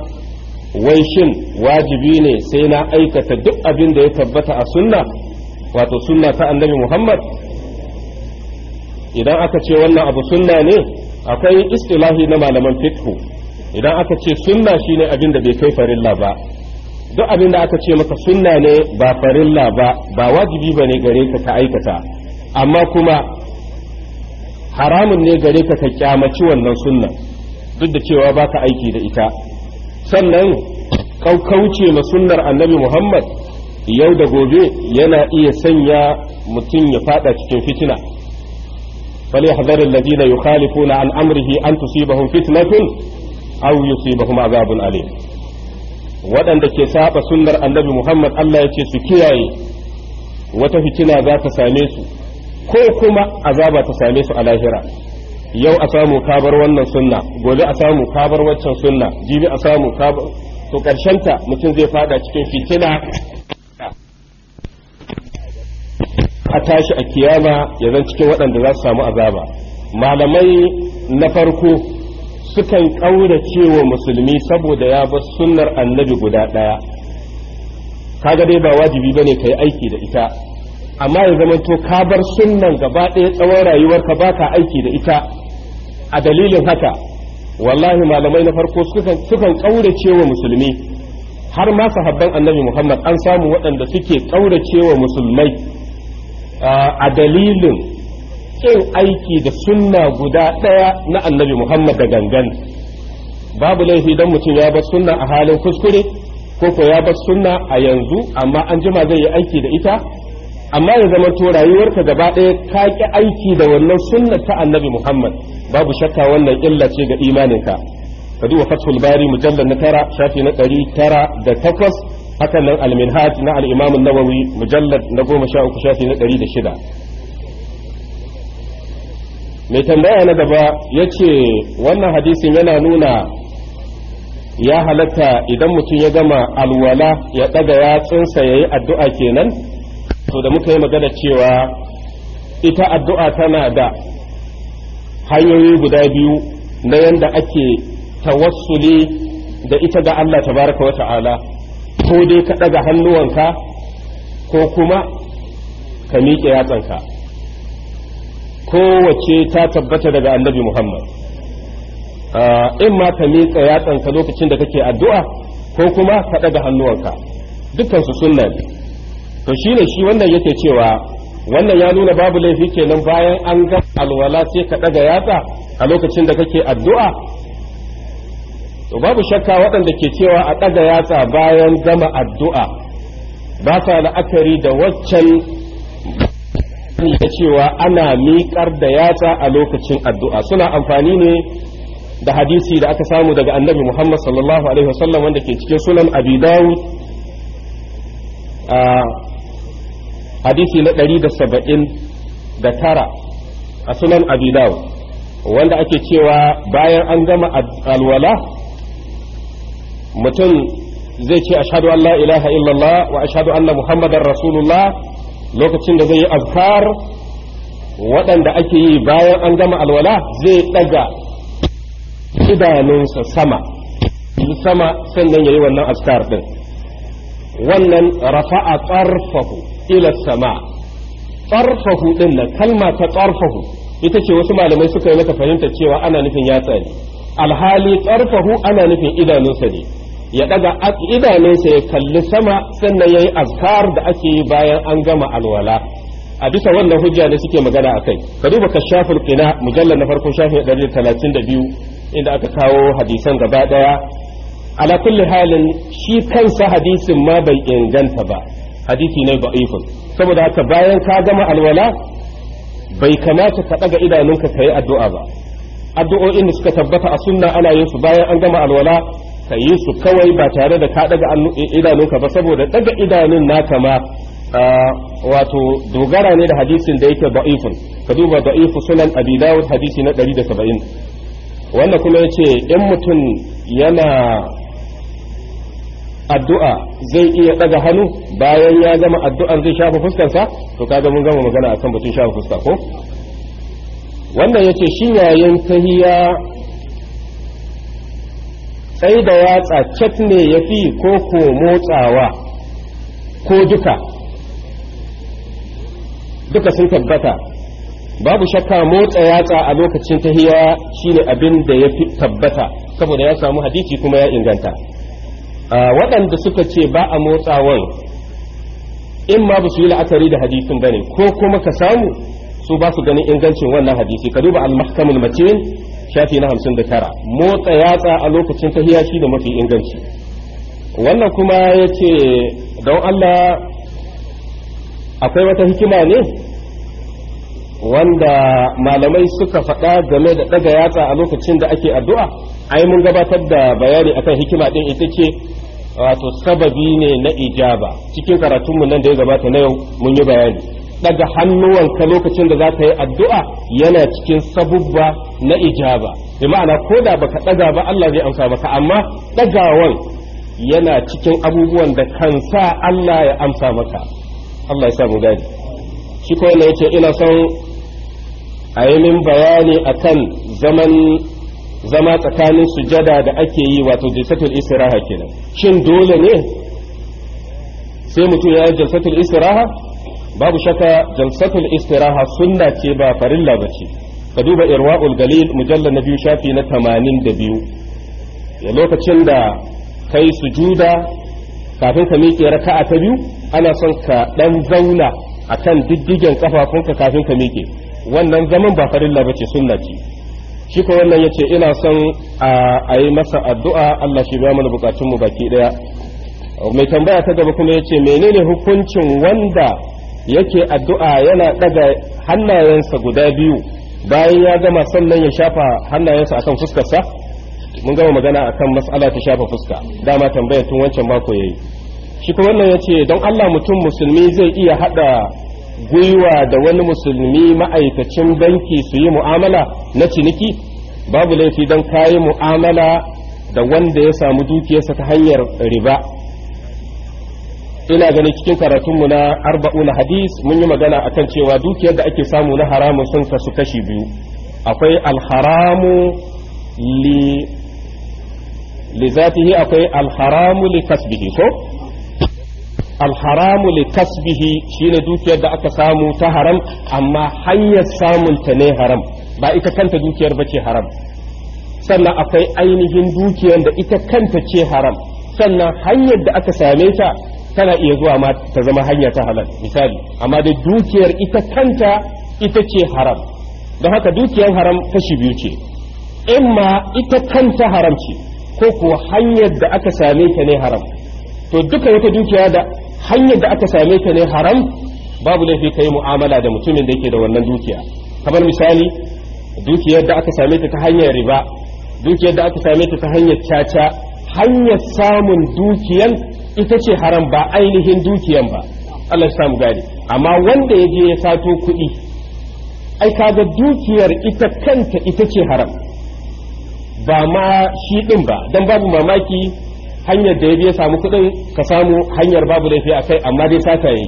wai shin wajibi ne sai na aikata duk abin da ya tabbata a sunna wato sunna ta annabi muhammad idan aka ce wannan abu sunna ne akwai istilahi na malaman fiqh idan aka ce sunna shine abin da bai kai farilla ba duk abin da aka ce maka sunna ne ba farilla ba ba wajibi ba ne gare ka ta aikata amma kuma haramun ne gare ka ka kyamaci wannan sunna duk da cewa baka aiki da ita sannan kauce ma sunnar annabi muhammad yau da gobe yana iya sanya mutum ya fada cikin fitina فليحذر الذين يخالفون na أمره أن تصيبهم فتنة أو يصيبهم عذاب أليم waɗanda ke saba sunnar annabi Muhammad Allah ya ce su kiyaye wata fitina za ta same su ko kuma azaba ta same su a lahira yau a samu kabar wannan sunna gobe a samu kabar waccan sunna jibi a samu kabar to ta mutum zai fada cikin fitina a tashi a kiyama ya zan cikin waɗanda za su samu azaba malamai na farko sukan ƙaura cewa musulmi saboda ya bar sunnar annabi guda ɗaya kaga dai ba wajibi bane ka yi aiki da ita amma ya zama to ka sunnan gaba ɗaya tsawon rayuwarka ba ka aiki da ita a dalilin haka wallahi malamai na farko sukan ƙauracewa wa musulmi har ma sahabban annabi muhammad an samu waɗanda suke ƙaurace wa musulmai a dalilin ƙin aiki da sunna guda ɗaya na annabi muhammad da gangan babu laifi don mutum ya bar sunna a halin kuskure ko ko ya bar sunna a yanzu amma an jima zai yi aiki da ita amma ya zama to rayuwarka gaba ɗaya ka ƙi aiki da wannan sunna ta annabi muhammad babu shakka wannan illa ce ga imaninka ka duba fathul bari mujallal na tara shafi na ɗari tara da takwas haka nan alminhaj na al-imam an-nawawi na goma sha uku shafi na ɗari da shida mai tambaya na gaba ya ce wannan hadisin yana nuna ya halatta idan mutum ya gama alwala ya ɗaga yatsunsa ya yi addu'a kenan to da muka yi magana cewa ita addu'a tana da hanyoyi guda biyu na yanda ake tawassuli da ita ga Allah tabaraka wa ta'ala ko dai ka ɗaga hannuwanka ko kuma ka miƙe yatsanka kowace ta tabbata daga annabi Muhammad ah, in ma ka miƙa yatsanka lokacin da kake addu'a ko kuma ka ɗaga hannuwanka dukansu sunna ne to shine shi wannan yake cewa wannan ya nuna babu laifi kenan bayan an ga alwala sai ka daga yatsa a lokacin da kake addu'a to babu shakka waɗanda ke cewa a daga yatsa bayan gama addu'a ba sa la'akari da waccan da cewa ana miƙar da yatsa a lokacin addu'a suna amfani ne da hadisi da aka samu daga annabi Muhammad sallallahu alaihi wasallam wanda ke cikin sunan Abi Dawud ah, hadisi na 179 a sunan abi wanda ake cewa bayan an gama alwala mutum zai ce ashhadu Allah ilaha illallah wa ashhadu anna muhammadar rasulullah lokacin da zai yi askar waɗanda ake yi bayan an gama alwala zai ɗaga idanunsa sama sama sannan ya yi wannan askar ɗin wannan rafa'a ƙarfafa ila sama tsarfahu din na kalma ta tsarfahu ita ce wasu malamai suka yi maka fahimta cewa ana nufin ya tsari alhali tsarfahu ana nufin idanunsa ne ya ɗaga idanunsa ya kalli sama sannan ya yi azkar da ake yi bayan an gama alwala a bisa wannan hujja ne suke magana akai ka duba kashafin qina mujallar na farko shafin 132 inda aka kawo hadisan gaba daya ala kulli halin shi kansa hadisin ma bai inganta ba hadisi ne da'ifun saboda haka bayan ka gama alwala bai kamata ka ɗaga idanunka yi addu'a ba addu'o'in da suka tabbata a sunna ana yin su bayan an gama alwala ka yi su kawai ba tare da ka ɗaga idanunka ba saboda ɗaga idanun naka ma wato dogara ne da hadisin da yake da'ifun ka duba da'ifu sunan abi dawud hadisi na 170 wannan kuma yace in mutum yana addu'a zai iya daga hannu bayan ya gama addu'ar zai shafa fuskarsa to kaga mun gama magana akan batun shafa fuska ko wannan yace shin yayin tahiya sai da yatsa cat ne yafi ko ko motsawa ko duka duka sun tabbata babu shakka motsa yatsa a lokacin tahiya shine abin da ya yafi tabbata saboda ya samu hadisi kuma ya inganta Ah, waɗanda suka ce ba a motsawan in ma ba su yi la'akari da hadisin bane ko kuma ka samu su ba su ganin ingancin wannan hadisi ka duba al-mahkamul matin shafi na 59 motsa yatsa a lokacin tahiya shi da mafi inganci wannan kuma yace don Allah akwai wata hikima ne wanda malamai suka faɗa game da ɗaga yatsa a lokacin da ake addu'a ai mun gabatar da bayani akan hikima ɗin ita ce wato sababi ne na ijaba cikin karatunmu nan da ya gabata na yau mun yi bayani ɗaga hannuwanka lokacin da za ka yi addu'a yana cikin sabubba na ijaba bi ma'ana ko da baka ɗaga ba Allah zai amsa maka amma ɗagawan yana cikin abubuwan da kan sa Allah ya amsa maka Allah ya sa mu gani shi ko yana yace ina son a yi min bayani akan kan zama tsakanin sujada da ake yi wato jalsatul istiraha kenan shin dole ne sai mutum ya yi jalsatul istiraha babu shaka jalsatul istiraha sunna ce ba farilla ba ka duba irwa'ul galil mujallar na biyu shafi na tamanin da biyu lokacin da kai sujuda kafin ka miƙe raka'a ta biyu ana son ka ɗan zauna a kan diddigen kafafunka kafin ka miƙe wannan zaman ba farilla ba ce sunna ce shi ko wannan ya ina son a yi masa addu'a Allah shi ba mana bukatunmu baki ɗaya mai tambaya ta gaba kuma ya ce menene hukuncin wanda yake addu'a yana ɗaga hannayensa guda biyu bayan ya gama sannan ya shafa hannayensa akan fuskarsa mun gama magana akan mas'ala ta shafa fuska dama tambayar tun wancan mako yayi shi ko wannan yace don Allah mutum musulmi zai iya haɗa. gwiwa da wani musulmi ma'aikacin banki su yi mu'amala na ciniki babu laifi don kayi mu'amala da wanda ya samu dukiyarsa ta hanyar riba ina ganin cikin karatunmu na Arba'u na hadis mun yi magana akan cewa dukiyar da ake samu na haramun sun kasu kashi biyu akwai alharamu li li zatihi akwai alharamu li kasbihi ko alharamu li kasbihi shine dukiyar da aka samu ta haram amma hanyar samun ta ne haram ba ita kanta dukiyar ba ce haram sannan akwai ainihin dukiyar da ita kanta ce haram sannan hanyar da aka same ta tana iya zuwa ma ta zama hanya ta halal misali amma da dukiyar ita kanta ita ce haram don haka dukiyar haram kashi biyu ce imma ita kanta haram ce ko kuwa hanyar da aka same ta ne haram to duka wata dukiya da hanyar da aka same ta ne haram babu laifi ka yi mu'amala da mutumin da yake da wannan dukiya kamar misali dukiyar da aka same ta ta hanyar riba dukiyar da aka same ta ta hanyar caca hanyar samun dukiyan ita ce haram ba ainihin dukiyan ba Allah ya samu gari amma wanda ya je ya sato kuɗi ai kaga dukiyar ita kanta ita ce haram ba ma shi ɗin ba dan babu mamaki hanyar da ya biya samu kuɗin ka samu hanyar babu laifi a kai amma dai sata yi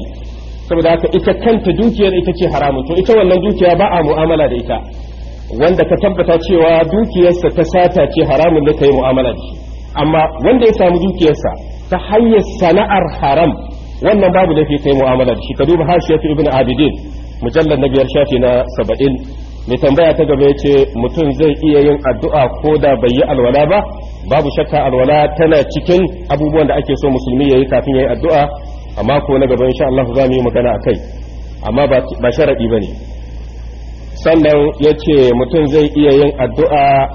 saboda haka ita kanta dukiyar ita ce haramun to ita wannan dukiya ba a mu'amala da ita wanda ka tabbata cewa dukiyarsa ta sata ce haramun ne yi mu'amala da shi amma wanda ya samu dukiyarsa ta hanyar sana'ar haram wannan babu laifi yi mu'amala da shi ka duba hashiyatu ibnu abidin mujallad na biyar shafi na saba'in mai tambaya ta gaba ya ce mutum zai iya yin addu'a ko da bai yi alwala ba babu shakka alwala tana cikin abubuwan da ake so musulmi ya yi kafin ya yi addu'a a ko na gaba insha Allah za mu yi magana akai amma ba sharadi bane sannan yace mutum zai iya yin addu'a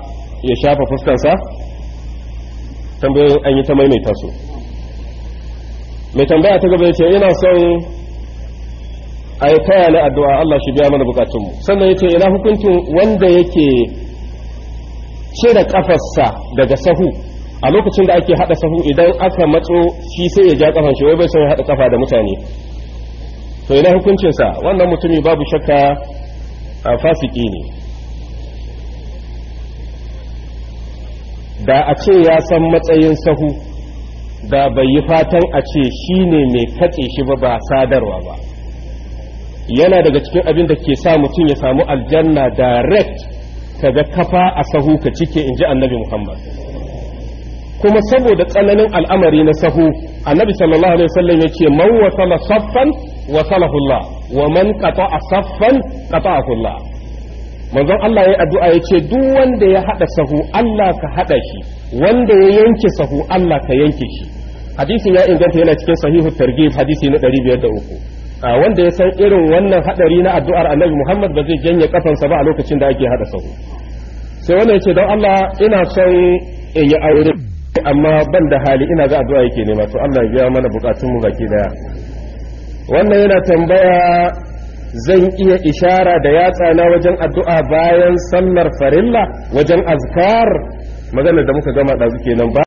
ya shafa fuskarsa tambayoyin an yi ta maimaita su mai tambaya ta gaba yace ina son a yi taya na addu'a Allah shi biya mana bukatunmu sannan yace ina hukuncin wanda yake cire kafarsa daga sahu a lokacin da ake hada sahu idan aka matso shi sai ya ja kafan shi wai bai sai hada kafa da mutane to ina hukuncinsa wannan mutumi babu shakka a fasiki ne da a ce ya san matsayin sahu da bai yi fatan a ce shi ne mai katse shi ba ba sadarwa ba yana daga cikin abin da ke sa mutum ya samu aljanna direct ka ga kafa a sahu ka cike in ji annabi muhammad kuma saboda tsananin al'amari na sahu annabi sallallahu alaihi wasallam ya ce man sala saffan wasalahu Allah wa man qata saffan qata Allah manzon Allah ya addu'a ya ce duk wanda ya hada sahu Allah ka hada shi wanda ya yanke sahu Allah ka yanke shi hadisi ya inganta yana cikin sahihu targhib hadisi na 503 wanda ya san irin wannan hadari na addu'ar annabi Muhammad ba zai janye kafansa ba a lokacin da ake hada sahu sai wannan yace don Allah ina son in yi aure amma ban da hali ina ga addu'a yake nema to Allah ya biya mana bukatun mu baki daya wannan yana tambaya zan iya ishara da yatsa na wajen addu'a bayan sallar farilla wajen azkar maganar da muka gama ɗazu kenan ba